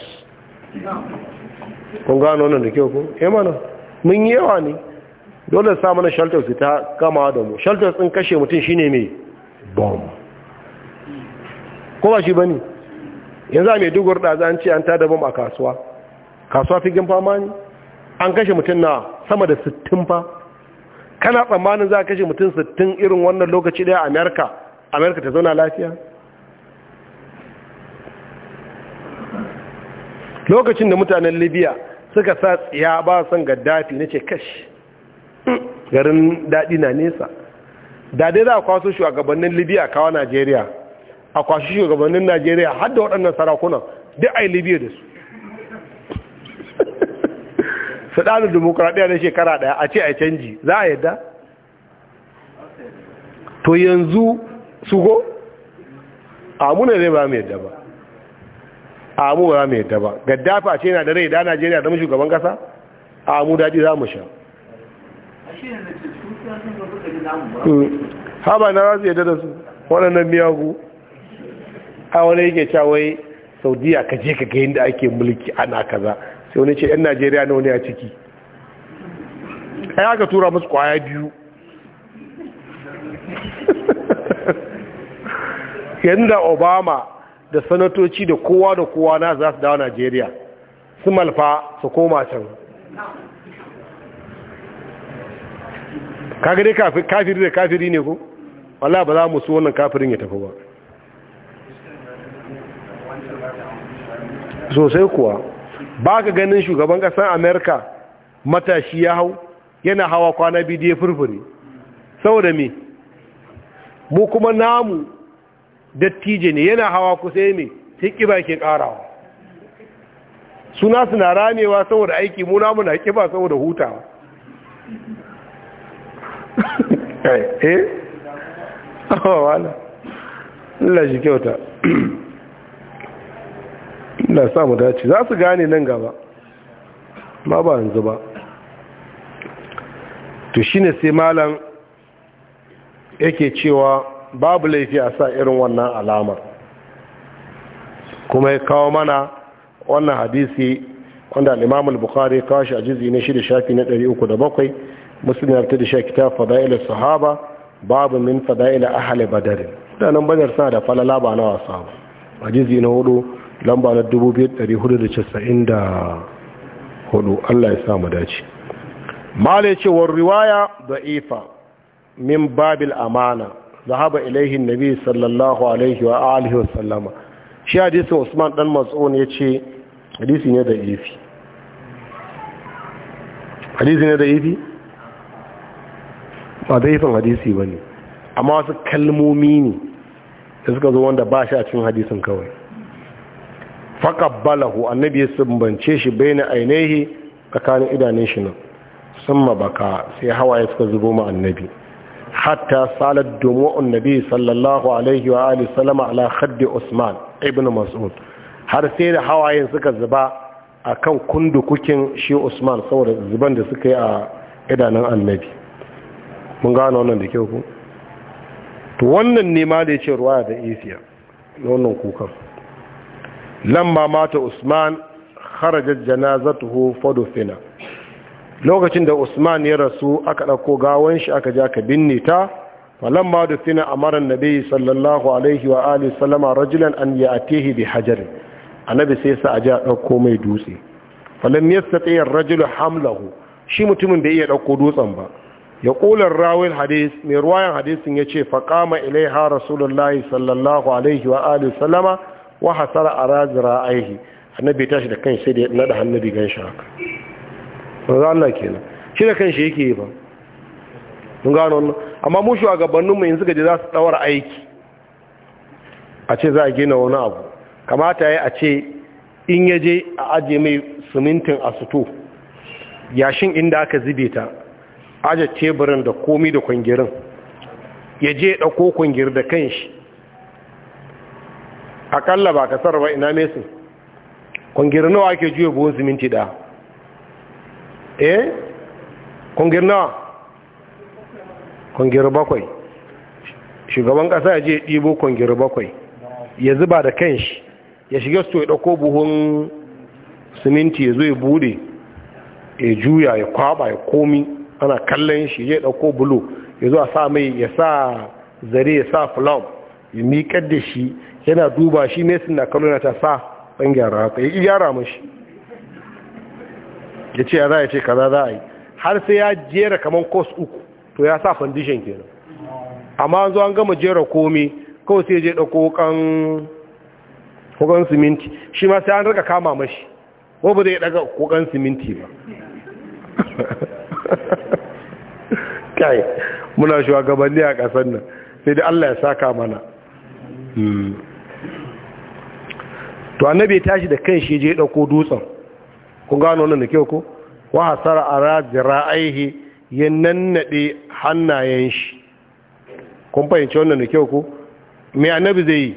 kun gano nan da kyau ku? Eh mana. mun yi yawa ne dole sa mana shelters ta kama da mu shelters din kashe mutum shine mai bomb ko ba shi bane yanzu a mai dugur da an ce an tada bomb a kasuwa kasuwa fi gimfa ma ne an kashe mutum na sama da 60 fa kana tsammanin za a kashe mutum 60 irin wannan lokaci daya a America America ta zauna lafiya lokacin da mutanen Libya suka sa tsiya ba san gaddafi nace kashi garin daɗi na nesa da dai za a kwaso shugabannin libya kawo najeriya a kwashi shugabannin najeriya har da waɗannan sarakunan duk a yi libya da su su ɗanu demokuraɗiyya na shekara ɗaya a ce a canji za a yadda to yanzu su go amuna ne ba mu yadda ba amu ba mu yadda ba gaddafa ce na da rai da najeriya zama shugaban ƙasa amu daɗi za mu sha Hmm. haba na za yadda da su waɗannan miyagu a wani yake cawai saudiya ka je ka ga yadda ake mulki ana kaza sai wani ce 'yan najeriya na wani a ciki ya ka tura musu kwaya biyu yadda obama da sanatoci da kowa da kowa na za su dawo najeriya su malfa su koma can kaga dai kafiri da kafiri ne ko wallahi ba za mu so wannan kafirin ya tafi ba sosai kuwa ba ka ganin shugaban ƙasar amerika matashi ya hau yana hawa kwana biyu ya furfure saboda me mu kuma namu dattije ne yana hawa kusa ya me sai kiba ke karawa suna suna ramewa saboda aiki mu namu na kiba saboda hutawa eh oh, wala la shi kyauta la sa mu dace za su gane nan gaba ma ba yanzu ba to shine sai malam yake cewa babu laifi a sa irin wannan alama. kuma ya kawo mana wannan hadisi wanda al'imamul bukari kawo shi a jizi na shida shafi na 307 muslim ya fita da shi kitab fada'il sahaba babu min fada'il ahli badar mutanen badar suna da falala ba na wasa ba hadisi na hudu lamba na 2494 Allah ya sa mu dace malai ce war riwaya da'ifa min babil amana zahaba ilaihi nabi sallallahu alaihi wa alihi wa sallama shi hadisin Usman dan Mas'ud yace hadisi ne ifi hadisi ne da'ifi ba daifin hadisi ba ne amma wasu kalmomi ne da suka zo wanda ba shi a cikin hadisin kawai faƙabbalahu annabi ya sumbance shi bai na ainihi tsakanin idanun shi nan sun baka sai hawaye suka zubo ma annabi hatta salar domin nabi sallallahu alaihi wa alihi salama ala haddi usman ibn mas'ud har sai da hawayen suka zuba a kan kundukukin shi usman saboda zuban da suka yi a idanun annabi mun gane wannan da kyau ku to wannan ne ma da yace ruwaya da isiya wannan kukan lamma mata usman kharajat janazatuhu fadufina lokacin da usman ya rasu aka dauko gawan shi aka ja ka binne ta falamma fina amara nabi sallallahu alaihi wa alihi sallama rajulan an ya'tihi bi hajar annabi sai sa aja dauko mai dutse falam yastati ar-rajulu hamlahu shi mutumin bai iya dauko dutsen ba ya ƙular rawin hadis mai ruwayan hadisin ya ce faƙama ilaiha rasulullahi sallallahu alaihi wa alihi sallama wa hasara a razira aihi annabi tashi da kan sai da naɗa hannu digan shi haka sanzu Allah kenan shi da kan shi yake yi ba mun gano wannan amma mu shugabanninmu yanzu gaji za su ɗawar aiki a ce za a gina wani abu kamata ya yi a ce in ya je a aje mai simintin a suto yashin inda aka zube ta aje teburin da komi da kwangirin ya je ɗauko kwangir da kan shi aƙalla ba kasar ba ina mesin kwangir nawa ake juya buhun siminti da eh kwangir nawa kwangir bakwai shugaban ƙasa ya je ɗibo kwangir bakwai ya zuba da kan shi ya shiga su ya ɗauko buhun siminti ya zo ya bude ya juya ya kwaba ya komi ana kallon shi ya ɗauko bulu ya zo a sa mai ya sa zare ya sa flom ya miƙar da shi yana duba shi mesin na kallon ta sa ɗan gyara haka ya gyara mashi ya ce ya za a ce kaza za a yi har sai ya jera kamar kos uku to ya sa fandishin kenan amma an zo an gama jera komi kawai sai je ɗauko kokan siminti shi ma sai an rika kama mashi ko zai ɗaga kokan siminti ba kai muna shugabanni a ƙasar nan sai da Allah ya saka mana hmm. to annabi tashi da kan shi je dauko dutsen ku gano nan da kyau ko wa hasara ara jira'aihi ya nannade hannayen shi kun fahimci wannan da kyau ko me annabi zai yi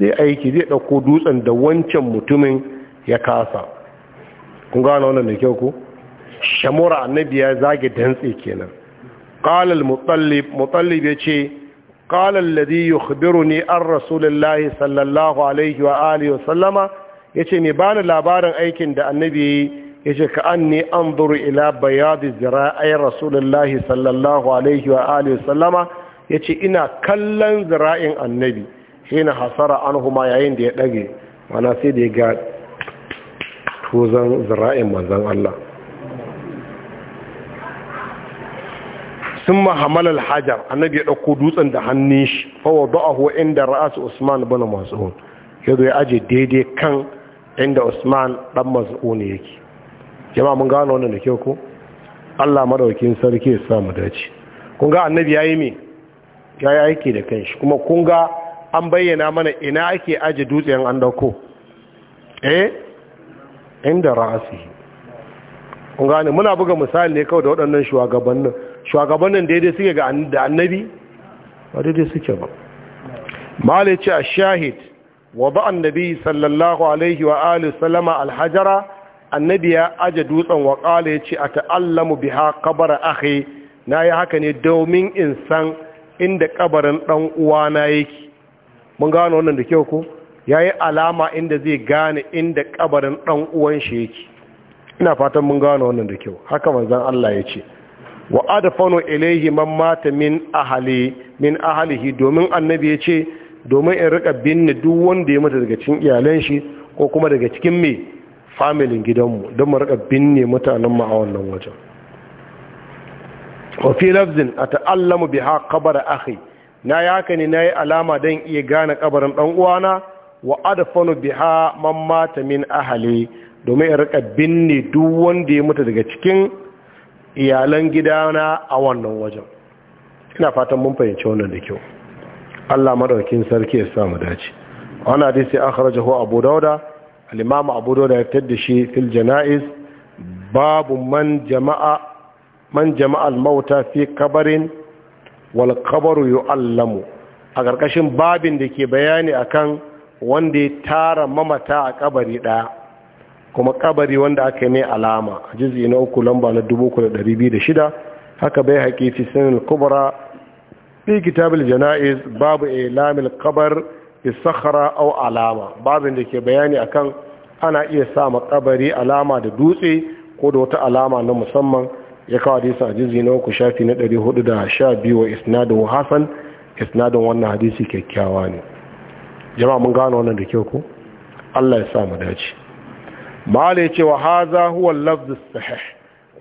zai aiki zai dauko dutsen da wancan mutumin ya kasa kun gano wannan da kyau ko shamura annabi ya zage dantse kenan qala al-mutallib mutallib yace qala alladhi yukhbiruni an rasulullahi sallallahu alaihi wa alihi wa sallama yace me ni labarin aikin da annabi yace ka anni anzuru ila bayadi zira'i rasulullahi sallallahu alaihi wa alihi wa sallama yace ina kallon zira'in annabi shine hasara anhuma yayin da ya dage mana sai da ya ga tozan zira'in manzon Allah ثم حمل الحجر annabi ya ɗauko dutsen da hannun shi راس عثمان inda مسعود usman يجي ديدي كان عند ya بن daidai kan inda usman ɗan mas'ud ne yake mun gano ko allah madaukin sarki ya mu dace kun ga annabi ya yi me ya aiki da kanshi kuma kun ga an bayyana mana ina ake aje dutsen an eh inda ra'asi kun gane muna buga misali ne kawai da waɗannan shugabannin shugabannin daidai suke ga annabi ba daidai suke ba malai ce a shahid wa ba annabi sallallahu alaihi wa alihi sallama alhajara annabi ya aje dutsen wa kala ya ce a ta'allamu biha kabara ahe na yi haka ne domin in san inda kabarin dan uwana yake mun gano wannan da kyau ko ya yi alama inda zai gane inda kabarin dan uwan shi yake ina fatan mun gano wannan da kyau haka manzon Allah ya ce wa fano ilaihi man mata min ahli min ahlihi domin annabi ya ce domin in rika binne duk wanda ya mutu daga cikin iyalan shi ko kuma daga cikin me familin gidanmu don mu rika binne mutanen mu a wannan wajen wa fi lafzin ata'allamu biha qabr akhi na haka ne nayi alama dan iya gane kabarin dan uwana wa adfanu biha man mata min ahli domin in rika binne duk wanda ya mutu daga cikin iyalan gidana a wannan wajen ina fatan mun fahimci wannan da kyau Allah madaukakin sarki ya samu dace wannan hadisi akhrajahu Abu Dawud al-Imam Abu Dawud ya tadda shi fil janaiz babu man jama'a man jama'a al-mauta fi kabarin wal qabru yu'allamu a karkashin babin da ke bayani akan wanda ya tara mamata a kabari daya kuma kabari wanda aka yi mai alama a jizi na uku lamba na shida haka bai haƙi fi kubra fi kitabil jana'iz babu lamil kabar isakhara au alama babin da ke bayani akan ana iya sa kabari alama da dutse ko da wata alama na musamman ya kawo hadisi a jizi na uku shafi na 412 wa isnadin hasan isnadin wannan hadisi kyakkyawa ne jama'a mun gano wannan da kyau ko Allah ya sa mu dace ce wa haza huwa lafzi sahih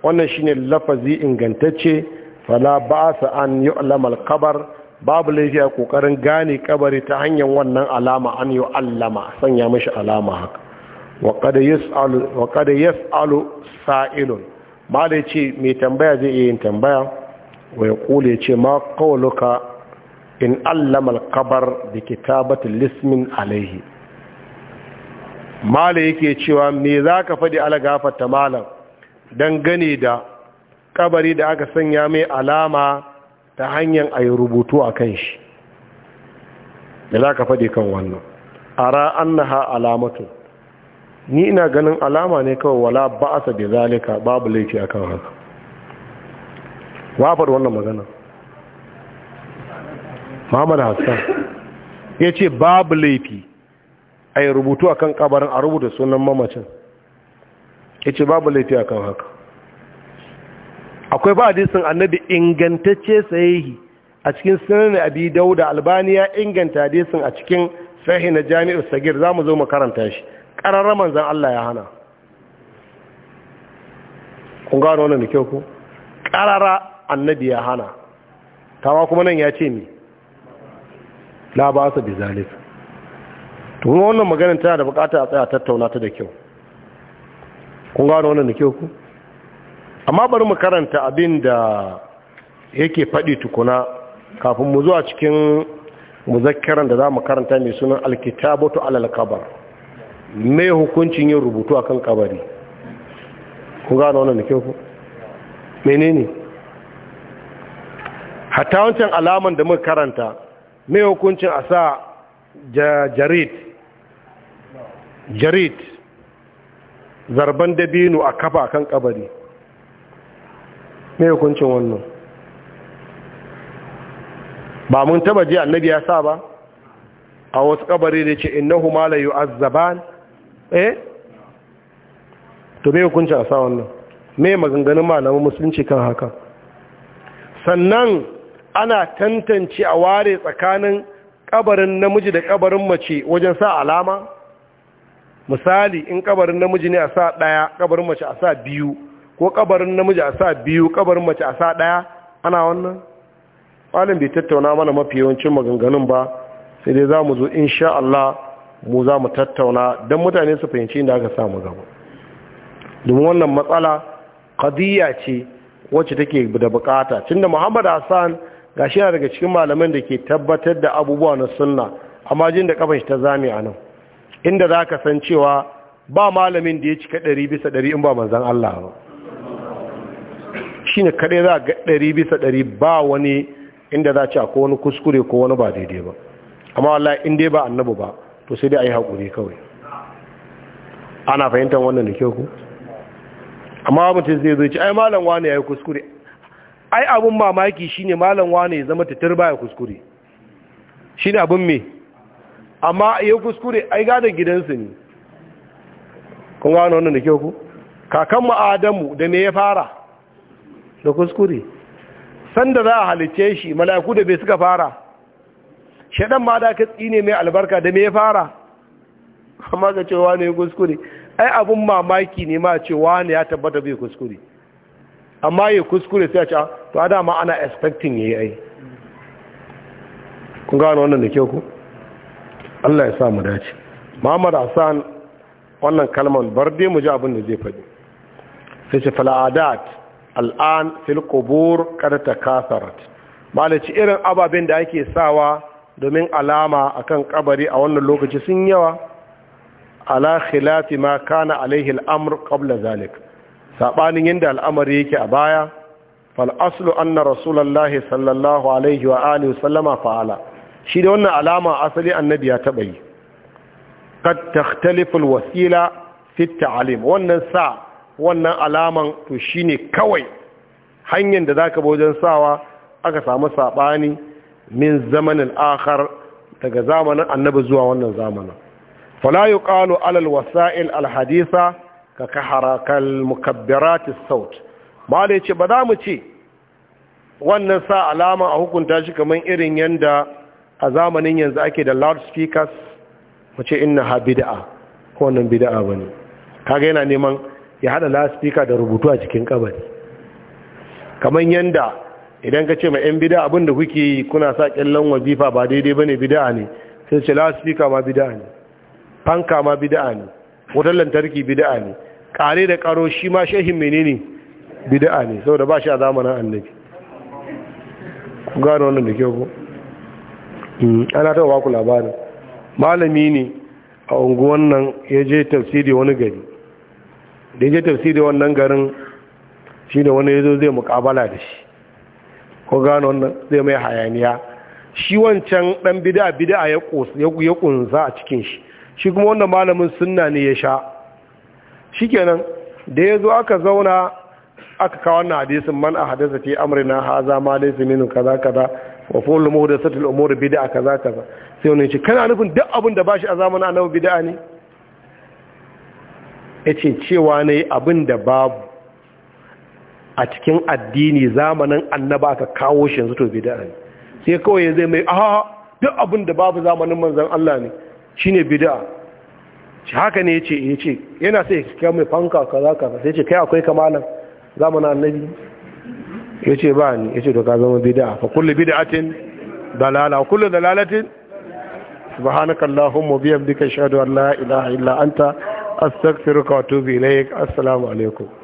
wannan shine lafazi ingantacce fala ba'sa an yu'lam al-qabr babu laifi a kokarin gane kabari ta hanyar wannan alama an yu'allama sanya mashi alama haka wa qad yas'alu wa qad yas'alu sa'ilun ya ce mai tambaya zai iya yin tambaya wa ya ce ma qawluka in allama al-qabr bi kitabati lismin alaihi mala yake cewa me za ka faɗi ta malam don gane da kabari da aka sanya mai alama ta hanyar a yi rubutu a kan shi me za ka faɗi kan wannan ara annaha alamatu ni ina ganin alama ne kawai wala a sabi zalika babu laifi a kan haka wafar wannan magana Muhammad Hassan ya ce babu laifi a yi rubutu a kan kabarin a rubuta sunan mamacin ya ce babu laifi a kan haka akwai ba hadisin annabi ingantacce sayayi a cikin sunan abi dauda albaniya inganta hadisin a cikin sahi na jami'ar sagir za mu zo mu karanta shi ƙararra manzan Allah ya hana kun gano wannan da kyau ku ƙarara annabi ya hana tawa kuma nan ya ce ne la ba su to wannan maganin tana da bukata a tsaye a tattauna ta da kyau kun gano wannan da kyau ku amma bari mu karanta abin da yake faɗi tukuna kafin mu zuwa cikin muzakkiran da za mu karanta mai sunan alkitabatu alal kabar mai hukuncin yin rubutu akan kabari kun gano wannan da kyau ku menene hatta wancan alaman da muka karanta mai hukuncin a sa jarid jarid zarban dabino a kafa kan kabari mai hukuncin wannan ba mun taba ji annabi ya sa ba a wasu kabari da ce innahu ma la yu'azzaban eh to mai hukuncin a sa wannan mai maganganun malamin musulunci kan haka sannan ana tantance a ware tsakanin kabarin namiji da kabarin mace wajen sa alama misali in kabarin namiji ne a sa ɗaya kabarin mace a sa biyu ko kabarin namiji a sa biyu kabarin mace a sa ɗaya ana wannan ƙwalin bai tattauna mana mafi yawancin maganganun ba sai dai za mu zo insha Allah mu za mu tattauna don mutane su fahimci inda aka samu gaba domin wannan matsala kadiyya ce wacce take da bukata tunda muhammad hassan gashi yana daga cikin malaman da ke tabbatar da abubuwa na sunna amma jin da kafa shi ta zame a nan inda za ka san cewa ba malamin da ya cika ɗari bisa ɗari in ba manzan Allah ba shi ne kaɗai za ga ɗari bisa ɗari ba wani inda za ci a wani kuskure ko wani ba daidai ba amma wallahi in dai ba annabu ba to sai dai a yi haƙuri kawai ana fahimtar wannan da kyau ku amma mutum zai zo ci ai malam wane ya yi kuskure ai abin mamaki shi ne malam wane ya zama tattar baya kuskure shi ne abin me amma ya kuskure ai gada gidansu ne kun gano wannan da kyau ku kakan mu adamu da me ya fara da kuskure sanda za a halicce shi mala'iku da bai suka fara shaɗan ma da ka tsine mai albarka da me ya fara amma ka cewa ne kuskure ai abin mamaki ne ma cewa ne ya tabbata bai kuskure amma ya kuskure sai a ce ah, to a dama ana expecting ya yi ai kun gano wannan da kyau ku Allah ya sa mu dace Muhammad Hassan wannan kalman bar dai mu ji abin da zai faɗi sai ce fal'adat al'an fil qubur kad takasarat malaci irin ababen da ake sawa domin alama akan kabari a wannan lokaci sun yawa ala khilafi ma kana alaihi al'amr qabla zalik sabanin yanda al'amari yake a baya fal aslu anna rasulullahi sallallahu alaihi wa alihi sallama fa'ala shi da wannan alama asali annabi ya taɓa yi kad takhtaliful wasila fi ta'alim wannan sa wannan alaman to shine kawai hanyar da zaka bi wajen sawa aka samu sabani min zamanin akhar daga zamanin annabi zuwa wannan zamanin fala yuqalu ala alwasa'il alhadisa ka kaharakal mukabbirat as-saut malai ce ba za mu ce wannan sa alama a hukunta shi kaman irin yanda a zamanin yanzu ake da loudspeakers mu ce inna ha bida'a ko wannan ba ne kaga yana neman ya hada loudspeaker da rubutu a cikin kabari kamar yanda idan ka ce ma yan bida'a abinda kuke yi kuna sa kyallon wajifa ba daidai ba ne bida'a ne sai ce loudspeaker ma bida'a ne fanka ma bida'a ne wutar lantarki bida'a ne kare da karo shi ma shehin menene bida'a ne saboda ba shi a zamanin annabi gano wannan da kyau ko Mm. ana ta baku labarin malami ne a unguwan nan ya je tafsiri wani gari da ya je tafsiri wannan garin shi da wani ya zo zai mukabala da shi ko gano wannan zai mai hayaniya shi wancan dan bida bida ya ya kunsa a cikin shi shi kuma wannan malamin sunna ne ya sha shikenan da ya zo aka zauna aka kawo wannan hadisin man a hadasa ce amrina haza ma laysa minhu kaza kaza wa kullu muhdathatil umuri bid'a kaza kaza sai wani ce kana nufin duk abin da bashi a zamanin annabi bid'a ne yace cewa ne abin da babu a cikin addini zamanin annaba aka kawo shi yanzu to bid'a ne sai kawai zai mai a duk abin da babu zamanin manzon Allah ne shine bid'a shi haka ne yace ce yana sai kai mai fanka kaza kaza sai yace kai akwai kamalan zamanin annabi ya ce ba ni ya ce to ka zama bida fa kullu bid'atin dalala kullu dalalatin subhanaka allahumma bihamdika ashhadu an la ilaha illa anta astaghfiruka wa atubu ilaik assalamu alaikum